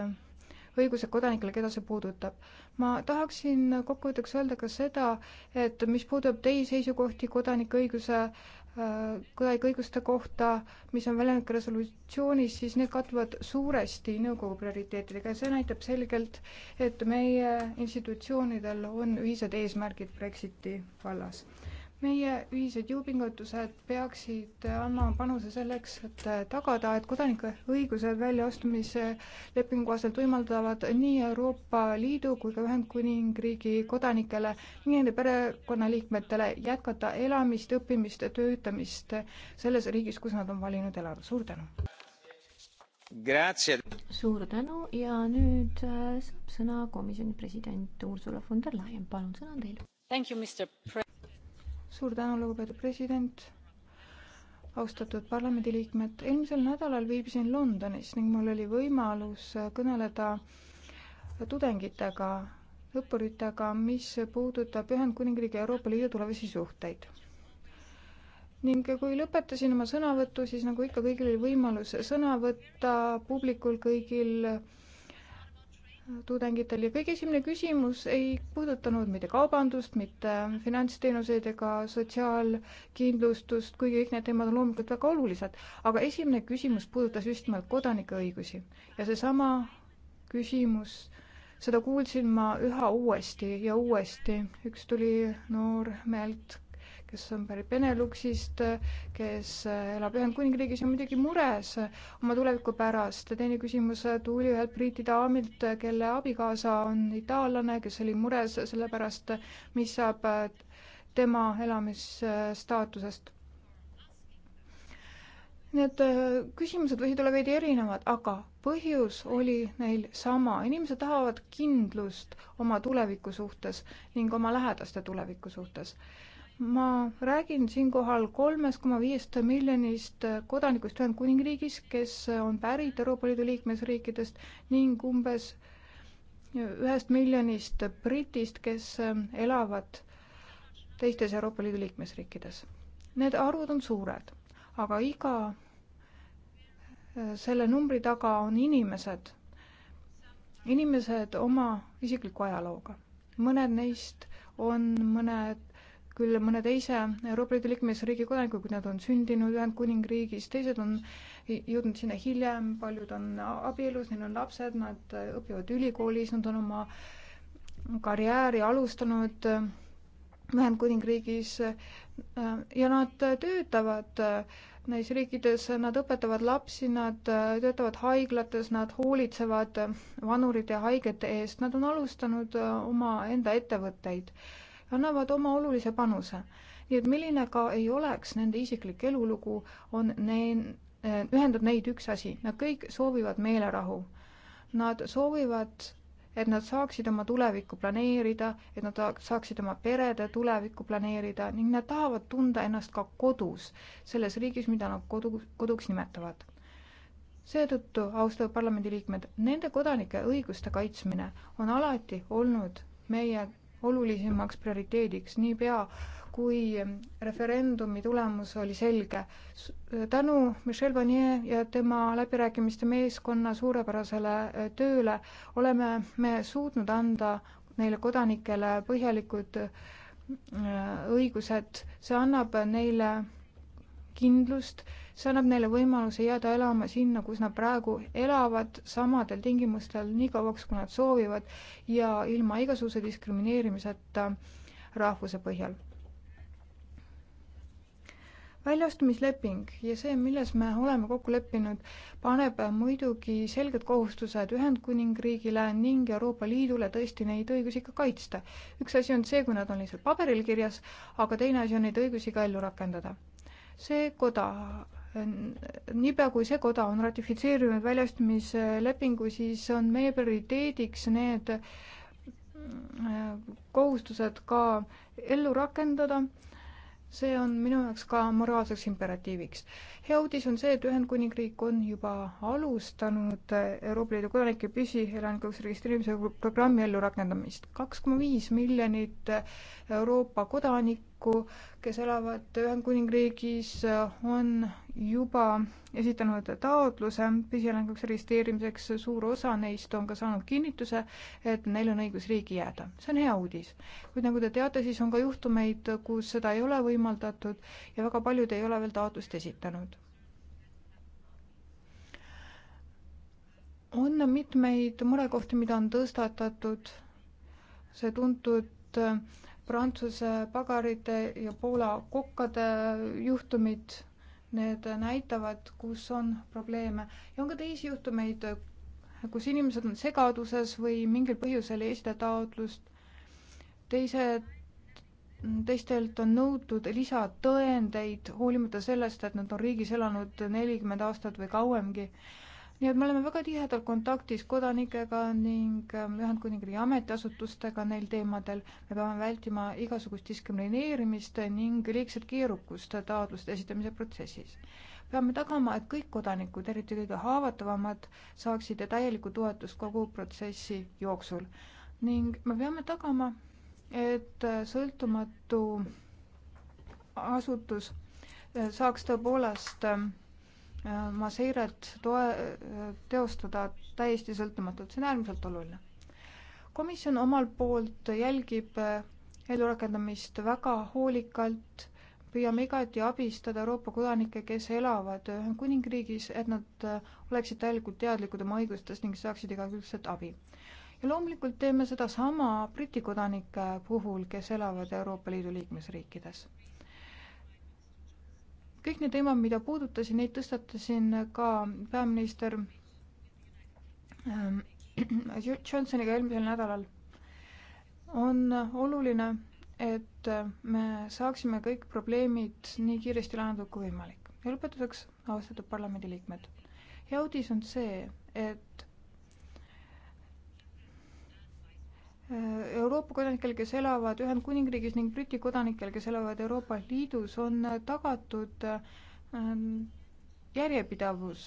õigused kodanikele, keda see puudutab. ma tahaksin kokkuvõtteks öelda ka seda, et mis puudutab teie seisukohti kodanikuõiguse äh, kodanikuõiguste kohta, mis on väljendatud resolutsioonis, siis need kattuvad suuresti nõukogu prioriteetidega ja see näitab selgelt, et meie institutsioonidel on ühised eesmärgid Brexiti vallas meie ühised jõupingutused peaksid andma panuse selleks, et tagada, et kodanike õigused väljaastumise lepingu kohaselt võimaldavad nii Euroopa Liidu kui ka Ühendkuningriigi kodanikele ning nende perekonnaliikmetele jätkata elamist, õppimist, töötamist selles riigis, kus nad on valinud elada. suur tänu! suur tänu ja nüüd äh, saab sõna komisjoni president Ursula von der Leyen, palun, sõna on teil suur tänu, lugupeetud president, austatud parlamendiliikmed, eelmisel nädalal viibisin Londonis ning mul oli võimalus kõneleda tudengitega, õppuritega, mis puudutab Ühendkuningriigi ja Euroopa Liidu tulevasi suhteid ning kui lõpetasin oma sõnavõttu, siis nagu ikka, kõigil oli võimalus sõna võtta, publikul kõigil tudengitel ja kõige esimene küsimus ei puudutanud mitte kaubandust, mitte finantsteenuseid ega sotsiaalkindlustust, kuigi kõik need teemad on loomulikult väga olulised, aga esimene küsimus puudutas just nimelt kodanike õigusi ja seesama küsimus, seda kuulsin ma üha uuesti ja uuesti, üks tuli noormehelt kes on pärit Beneluxist, kes äh, elab Ühendkuningriigis ja muidugi mures oma tuleviku pärast. teine küsimus äh, tuli ühelt Briti daamilt, äh, kelle abikaasa on itaallane, kes oli mures selle pärast, mis saab tema elamisstaatusest. Need küsimused võisid olla veidi erinevad, aga põhjus oli neil sama, inimesed tahavad kindlust oma tuleviku suhtes ning oma lähedaste tuleviku suhtes ma räägin siinkohal kolmest koma viiest miljonist kodanikust Ühendkuningriigis, kes on pärit Euroopa Liidu liikmesriikidest ning umbes ühest miljonist britist, kes ähm, elavad teistes Euroopa Liidu liikmesriikides. Need arvud on suured, aga iga äh, selle numbri taga on inimesed, inimesed oma isikliku ajalooga. mõned neist on mõned küll mõne teise Euroopa Liidu liikmesriigi kodanikud, kui nad on sündinud Ühendkuningriigis, teised on jõudnud sinna hiljem, paljud on abielus, neil on lapsed, nad õpivad ülikoolis, nad on oma karjääri alustanud Ühendkuningriigis ja nad töötavad neis riikides, nad õpetavad lapsi, nad töötavad haiglates, nad hoolitsevad vanurite ja haigete eest, nad on alustanud omaenda ettevõtteid annavad oma olulise panuse. nii et milline ka ei oleks nende isiklik elulugu, on neil, eh, ühendab neid üks asi, nad kõik soovivad meelerahu. Nad soovivad, et nad saaksid oma tulevikku planeerida, et nad saaksid oma perede tulevikku planeerida ning nad tahavad tunda ennast ka kodus, selles riigis, mida nad kodu, koduks nimetavad seetõttu, austatud parlamendiliikmed, nende kodanike õiguste kaitsmine on alati olnud meie olulisemaks prioriteediks niipea, kui referendumi tulemus oli selge. tänu Michel Barnier ja tema läbirääkimiste meeskonna suurepärasele äh, tööle oleme me suutnud anda neile kodanikele põhjalikud äh, õigused, see annab neile kindlust, see annab neile võimaluse jääda elama sinna, kus nad praegu elavad, samadel tingimustel nii kauaks, kui nad soovivad ja ilma igasuguse diskrimineerimiseta rahvuse põhjal. väljaastumisleping ja see, milles me oleme kokku leppinud, paneb muidugi selged kohustused Ühendkuningriigile ning Euroopa Liidule tõesti neid õigusi ka kaitsta. üks asi on see, kui nad on lihtsalt paberil kirjas, aga teine asi on neid õigusi ka ellu rakendada see koda, niipea kui see koda on ratifitseerinud väljastamislepingu, siis on meie prioriteediks need äh, kohustused ka ellu rakendada see on minu jaoks ka moraalseks imperatiiviks. hea uudis on see, et Ühendkuningriik on juba alustanud äh, Euroopa Liidu kodanike püsielanikuks registreerimise programmi ellurakendamist. kaks koma viis miljonit äh, Euroopa kodanikku kodanikku, kes elavad Ühendkuningriigis, on juba esitanud taotluse püsielanikuks registreerimiseks, suur osa neist on ka saanud kinnituse, et neil on õigus riigi jääda. see on hea uudis. kuid nagu te teate, siis on ka juhtumeid, kus seda ei ole võimaldatud ja väga paljud ei ole veel taotlust esitanud on mitmeid murekohti, mida on tõstatatud. see tuntud Prantsuse pagarite ja Poola kokkade juhtumid, need näitavad, kus on probleeme ja on ka teisi juhtumeid, kus inimesed on segaduses või mingil põhjusel ei esita taotlust. teised, teistelt on nõutud lisatõendeid, hoolimata sellest, et nad on riigis elanud nelikümmend aastat või kauemgi nii et me oleme väga tihedalt kontaktis kodanikega ning ähm, Ühendkuningriigi ametiasutustega neil teemadel. me peame vältima igasugust diskrimineerimist ning liigset keerukust taotluste esitamise protsessis. peame tagama, et kõik kodanikud, eriti kõige haavatavamad, saaksid täielikku toetust kogu protsessi jooksul ning me peame tagama, et äh, sõltumatu asutus äh, saaks tõepoolest ähm, oma seiret toe, teostada täiesti sõltumatult, see on äärmiselt oluline. komisjon omalt poolt jälgib ellurakendamist eh, väga hoolikalt, püüame igati abistada Euroopa kodanikke, kes elavad Ühendkuningriigis, et nad eh, oleksid täielikult teadlikud oma õigustest ning saaksid igakülgset abi. ja loomulikult teeme sedasama Briti kodanike puhul, kes elavad Euroopa Liidu liikmesriikides kõik need teemad, mida puudutasin, neid tõstatasin ka peaminister ähm, Johnsoniga eelmisel nädalal. on oluline, et me saaksime kõik probleemid nii kiiresti lahendatud kui võimalik. ja lõpetuseks, austatud parlamendiliikmed, hea uudis on see, et Euroopa kodanikel, kes elavad Ühendkuningriigis ning Briti kodanikel, kes elavad Euroopa Liidus, on tagatud ähm, järjepidavus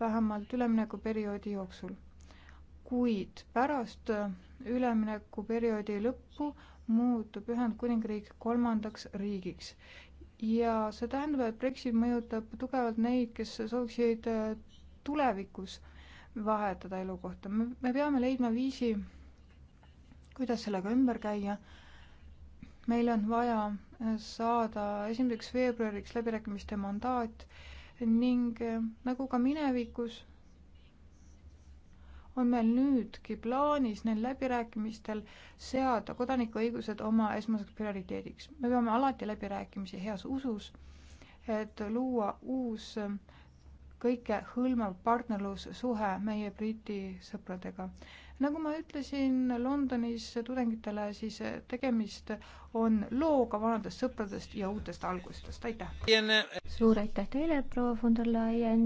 vähemalt üleminekuperioodi jooksul. kuid pärast üleminekuperioodi lõppu muutub Ühendkuningriik kolmandaks riigiks ja see tähendab, et Brexit mõjutab tugevalt neid, kes sooviksid äh, tulevikus vahetada elukohta. me peame leidma viisi kuidas sellega ümber käia. meil on vaja äh, saada esimeseks veebruariks läbirääkimiste mandaat ning äh, nagu ka minevikus, on meil nüüdki plaanis neil läbirääkimistel seada kodanikuõigused oma esmaseks prioriteediks. me peame alati läbirääkimisi heas usus, et luua uus äh, kõike hõlmav partnerlussuhe meie Briti sõpradega nagu ma ütlesin Londonis tudengitele, siis tegemist on looga vanadest sõpradest ja uutest algustest, aitäh! suur aitäh teile, proua von der Leyen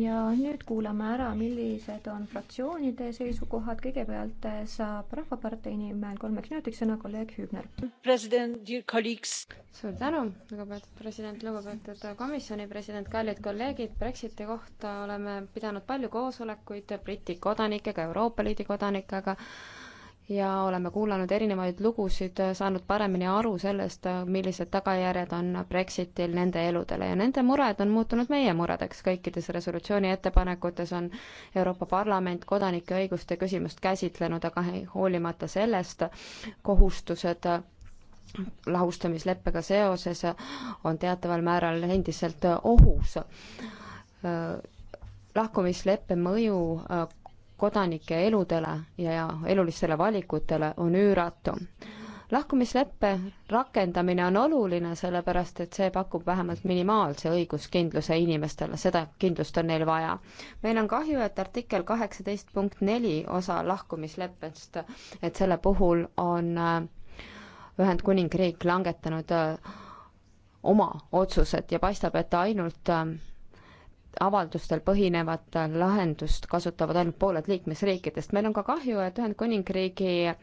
ja nüüd kuulame ära, millised on fraktsioonide seisukohad, kõigepealt saab Rahvapartei nimel kolmeks minutiks sõna kolleeg Hübner. suur tänu, lugupeetud president, lugupeetud komisjoni president, kallid kolleegid, Brexiti kohta oleme pidanud palju koosolekuid Briti kodanikega, Euroopa Liidu kodanikega, ja oleme kuulanud erinevaid lugusid, saanud paremini aru sellest, millised tagajärjed on Brexitil nende eludele ja nende mured on muutunud meie muredeks. kõikides resolutsiooni ettepanekutes on Euroopa Parlament kodanike õiguste küsimust käsitlenud, aga hoolimata sellest kohustused lahustamisleppega seoses on teataval määral endiselt ohus lahkumisleppe mõju kodanike eludele ja elulistele valikutele on üüratu. lahkumisleppe rakendamine on oluline, sellepärast et see pakub vähemalt minimaalse õiguskindluse inimestele, seda kindlust on neil vaja. meil on kahju, et artikkel kaheksateist punkt neli osa lahkumisleppest, et selle puhul on äh, Ühendkuningriik langetanud äh, oma otsused ja paistab, et ainult äh, avaldustel põhinevat lahendust kasutavad ainult pooled liikmesriikidest. meil on ka kahju, et Ühendkuningriigi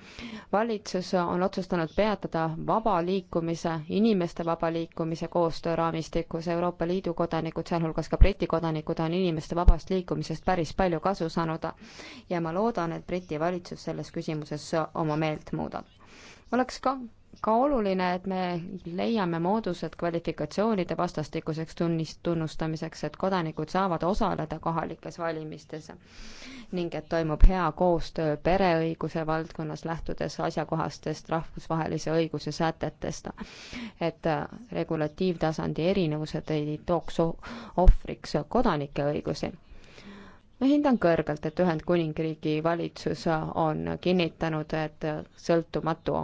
valitsus on otsustanud peatada vaba liikumise, inimeste vaba liikumise koostööraamistikus. Euroopa Liidu kodanikud, sealhulgas ka Briti kodanikud, on inimeste vabast liikumisest päris palju kasu saanud ja ma loodan, et Briti valitsus selles küsimuses oma meelt muudab. oleks ka ka oluline, et me leiame moodused kvalifikatsioonide vastastikuseks tunnist, tunnustamiseks, et kodanikud saavad osaleda kohalikes valimistes ning et toimub hea koostöö pereõiguse valdkonnas, lähtudes asjakohastest rahvusvahelise õiguse sätetest. et regulatiivtasandi erinevused ei tooks ohvriks kodanike õigusi ma hindan kõrgelt, et Ühendkuningriigi valitsus on kinnitanud, et sõltumatu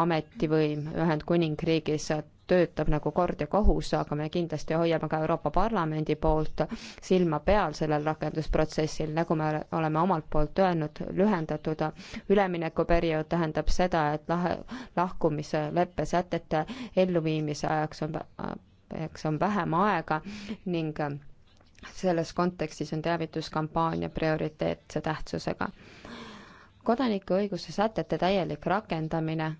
ametivõim Ühendkuningriigis töötab nagu kord ja kohus, aga me kindlasti hoiame ka Euroopa Parlamendi poolt silma peal sellel rakendusprotsessil, nagu me oleme omalt poolt öelnud, lühendatud üleminekuperiood tähendab seda, et lahe, lahkumise leppe sätete elluviimise ajaks on, eks on vähem aega ning selles kontekstis on teavituskampaania prioriteetse tähtsusega kodanikuõiguse sätete täielik rakendamine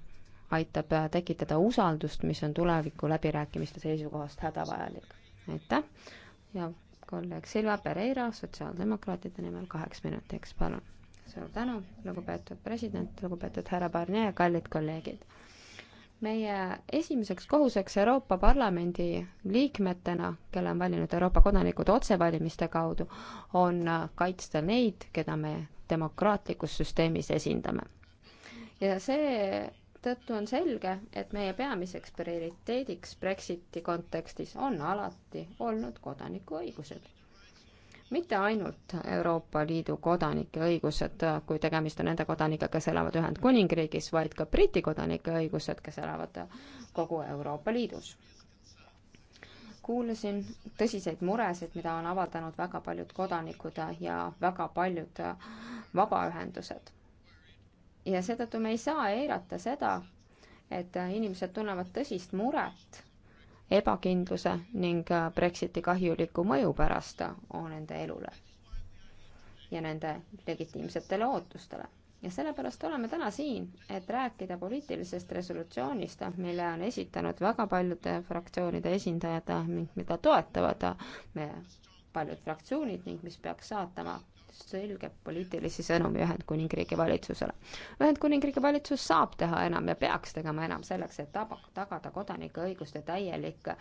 aitab äh, tekitada usaldust, mis on tuleviku läbirääkimiste seisukohast hädavajalik. aitäh ja kolleeg Silva Pereira sotsiaaldemokraatide nimel kaheks minutiks, palun. suur tänu, lugupeetud president, lugupeetud härra Barnier, kallid kolleegid. meie esimeseks kohuseks Euroopa Parlamendi liikmetena, kelle on valinud Euroopa kodanikud otsevalimiste kaudu, on äh, kaitsta neid, keda me demokraatlikus süsteemis esindame. ja see seetõttu on selge, et meie peamiseks prioriteediks Brexiti kontekstis on alati olnud kodanikuõigused. mitte ainult Euroopa Liidu kodanike õigused, kui tegemist on nende kodanikega, kes elavad Ühendkuningriigis, vaid ka Briti kodanike õigused, kes elavad kogu Euroopa Liidus. kuulasin tõsiseid muresid, mida on avaldanud väga paljud kodanikud ja väga paljud vabaühendused ja seetõttu me ei saa eirata seda, et inimesed tunnevad tõsist muret ebakindluse ning äh, Brexiti kahjuliku mõju pärast äh, nende elule ja nende legitiimsetele ootustele. ja sellepärast oleme täna siin, et rääkida poliitilisest resolutsioonist, äh, mille on esitanud väga paljude fraktsioonide esindajad ning mida toetavad meie paljud fraktsioonid ning mis peaks saatama selge poliitilisi sõnumi Ühendkuningriigi valitsusele. Ühendkuningriigi valitsus saab teha enam ja peaks tegema enam selleks, et taba, tagada kodanike õiguste täielik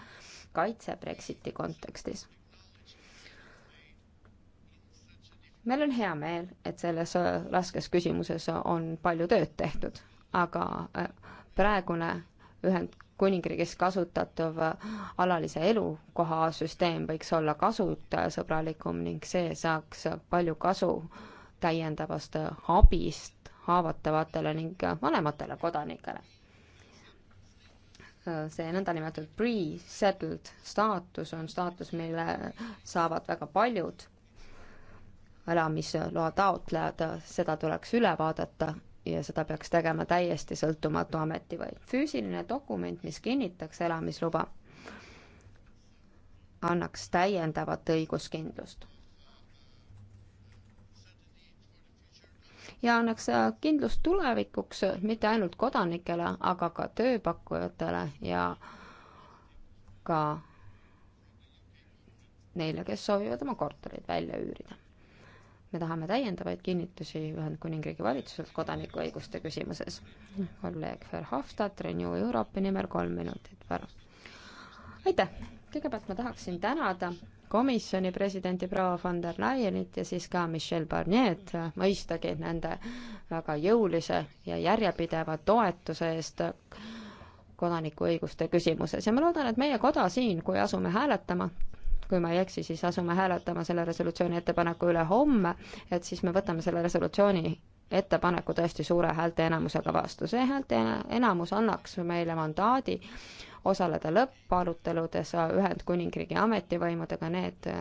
kaitse Brexiti kontekstis. meil on hea meel, et selles äh, raskes küsimuses on palju tööd tehtud, aga äh, praegune ühend-, Kuningriigis kasutatav alalise elukoha süsteem võiks olla kasutajasõbralikum ning see saaks palju kasu täiendavast abist haavatavatele ning vanematele kodanikele. see nõndanimetatud pre-settled staatus on staatus, mille saavad väga paljud elamisloa taotlejad, seda tuleks üle vaadata ja seda peaks tegema täiesti sõltumatu ametivõim. füüsiline dokument, mis kinnitaks elamisluba, annaks täiendavat õiguskindlust. ja annaks äh, kindlust tulevikuks äh, mitte ainult kodanikele, aga ka tööpakkujatele ja ka neile, kes soovivad oma korterid välja üürida me tahame täiendavaid kinnitusi Ühendkuningriigi valitsuselt kodanikuõiguste küsimuses. kolleeg Verhofstadt Renew Euroopa nimel kolm minutit, palun. aitäh, kõigepealt ma tahaksin tänada komisjoni presidenti proua von der Leyenit ja siis ka Michel Barniet mõistagi nende väga jõulise ja järjepideva toetuse eest kodanikuõiguste küsimuses ja ma loodan, et meie koda siin, kui asume hääletama, kui ma ei eksi, siis asume hääletama selle resolutsiooni ettepaneku üle homme, et siis me võtame selle resolutsiooni ettepaneku tõesti suure häälteenamusega vastu. see häälteenamus annaks meile mandaadi osaleda lõpparuteludes Ühendkuningriigi ametivõimudega, need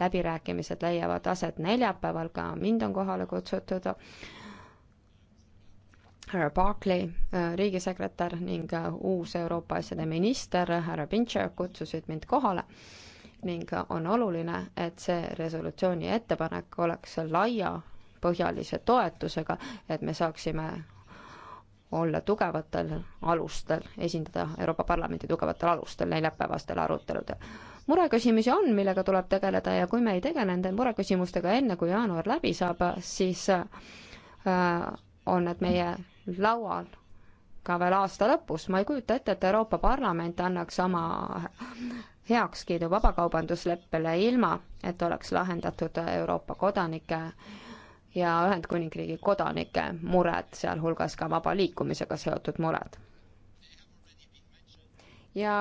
läbirääkimised leiavad aset neljapäeval, ka mind on kohale kutsutud, härra Barclay, riigisekretär ning uus Euroopa asjade minister härra Pincher kutsusid mind kohale ning on oluline, et see resolutsiooni ettepanek oleks laiapõhjalise toetusega, et me saaksime olla tugevatel alustel, esindada Euroopa Parlamenti tugevatel alustel neljapäevastel aruteludel. mureküsimusi on, millega tuleb tegeleda ja kui me ei tegele nende mureküsimustega enne, kui jaanuar läbi saab, siis äh, on need meie laual ka veel aasta lõpus, ma ei kujuta ette, et Euroopa Parlament annaks oma heakskiidu vabakaubandusleppele ilma, et oleks lahendatud Euroopa kodanike ja Ühendkuningriigi kodanike mured, sealhulgas ka vaba liikumisega seotud mured. ja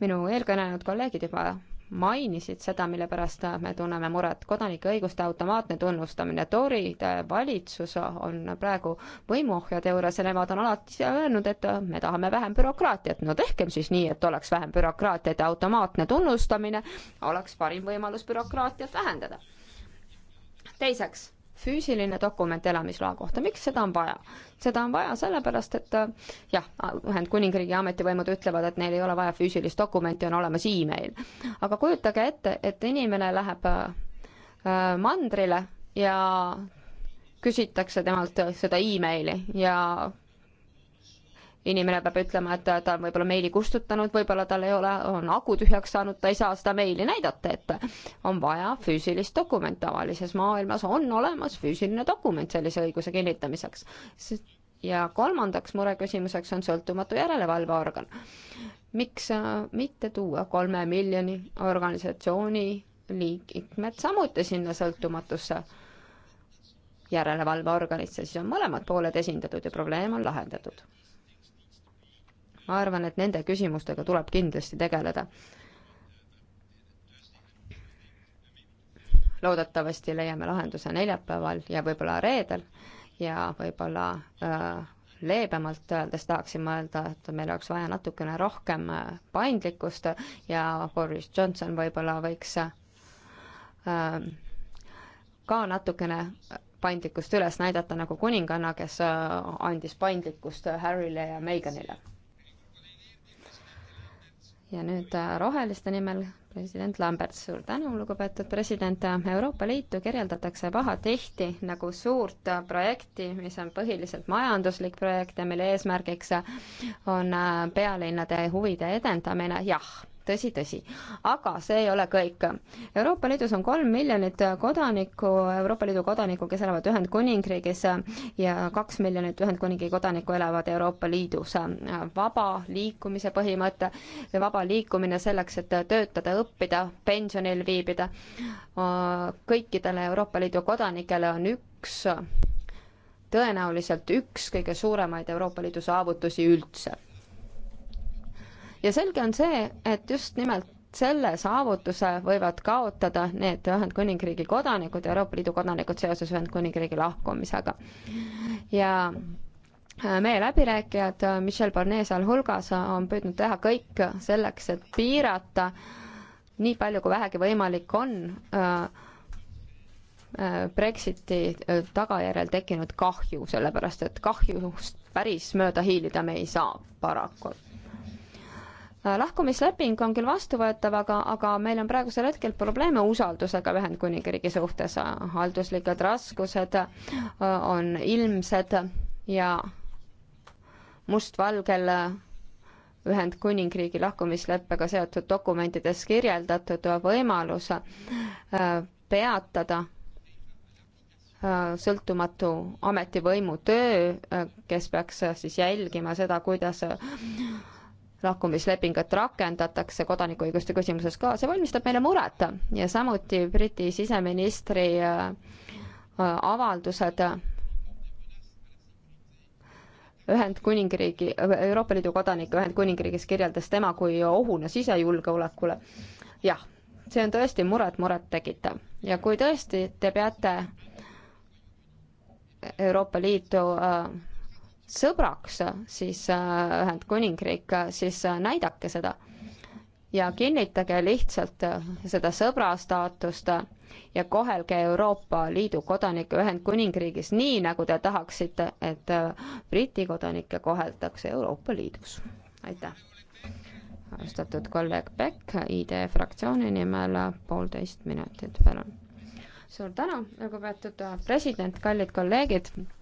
minu eelkõnelenud kolleegid juba mainisid seda, mille pärast me tunneme muret. kodanike õiguste automaatne tunnustamine. Toride valitsus on praegu võimuohjade juures ja nemad on alati öelnud, et me tahame vähem bürokraatiat. no tehkem siis nii, et oleks vähem bürokraatiat ja automaatne tunnustamine oleks parim võimalus bürokraatiat vähendada. teiseks füüsiline dokument elamisloa kohta, miks seda on vaja? seda on vaja sellepärast, et äh, jah, Ühendkuningriigi ametivõimud ütlevad, et neil ei ole vaja füüsilist dokumenti, on olemas email. aga kujutage ette, et inimene läheb äh, mandrile ja küsitakse temalt seda emaili ja inimene peab ütlema, et ta on võib-olla meili kustutanud, võib-olla tal ei ole, on aku tühjaks saanud, ta ei saa seda meili näidata, et on vaja füüsilist dokumenti, tavalises maailmas on olemas füüsiline dokument sellise õiguse kinnitamiseks. ja kolmandaks mureküsimuseks on sõltumatu järelevalveorgan. miks mitte tuua kolme miljoni organisatsiooni liikmed samuti sinna sõltumatusse järelevalveorganisse, siis on mõlemad pooled esindatud ja probleem on lahendatud ma arvan, et nende küsimustega tuleb kindlasti tegeleda. loodetavasti leiame lahenduse neljapäeval ja võib-olla reedel ja võib-olla äh, leebemalt öeldes tahaksin ma öelda, et meil oleks vaja natukene rohkem äh, paindlikkust ja Boris Johnson võib-olla võiks äh, ka natukene paindlikkust üles näidata nagu kuninganna, kes äh, andis paindlikkust Harryle ja Meganile ja nüüd äh, roheliste nimel president Lambert, suur tänu, lugupeetud president. Euroopa Liitu kirjeldatakse pahatihti nagu suurt projekti, mis on põhiliselt majanduslik projekt ja mille eesmärgiks on äh, pealinnade huvide edendamine. jah tõsi, tõsi. aga see ei ole kõik. Euroopa Liidus on kolm miljonit kodanikku, Euroopa Liidu kodanikku, kes elavad Ühendkuningriigis ja kaks miljonit Ühendkuningriigi kodanikku elavad Euroopa Liidus. vaba liikumise põhimõte, vaba liikumine selleks, et töötada, õppida, pensionil viibida, kõikidele Euroopa Liidu kodanikele on üks tõenäoliselt üks kõige suuremaid Euroopa Liidu saavutusi üldse ja selge on see, et just nimelt selle saavutuse võivad kaotada need Ühendkuningriigi kodanikud ja Euroopa Liidu kodanikud seoses Ühendkuningriigi lahkumisega. ja äh, meie läbirääkijad, äh, Michel Barnier sealhulgas, äh, on püüdnud teha kõik selleks, et piirata nii palju, kui vähegi võimalik on, Brexiti tagajärjel tekkinud kahju, sellepärast et kahjust päris mööda hiilida me ei saa paraku Äh, lahkumisleping on küll vastuvõetav, aga, aga meil on praegusel hetkel probleeme usaldusega Ühendkuningriigi suhtes. halduslikud raskused äh, on ilmsed ja mustvalgel äh, Ühendkuningriigi lahkumisleppega seotud dokumentides kirjeldatud võimalus peatada sõltumatu ametivõimu töö, kes peaks siis jälgima seda, kuidas lahkumislepingut rakendatakse kodanikuõiguste küsimuses ka, see valmistab meile muret ja samuti Briti siseministri äh, äh, avaldused äh, Ühendkuningriigi, Euroopa Liidu kodanike Ühendkuningriigis kirjeldas tema kui ohuna sisejulgeolekule. jah, see on tõesti muret, murettekitav ja kui tõesti te peate Euroopa Liitu äh, sõbraks, siis äh, Ühendkuningriik, siis äh, näidake seda ja kinnitage lihtsalt äh, seda sõbra staatust ja kohelge Euroopa Liidu kodanikke Ühendkuningriigis nii, nagu te tahaksite, et Briti kodanikke koheldakse Euroopa Liidus. aitäh. austatud kolleeg Beck, ID fraktsiooni nimel poolteist minutit, palun. suur tänu, lugupeetud president, kallid kolleegid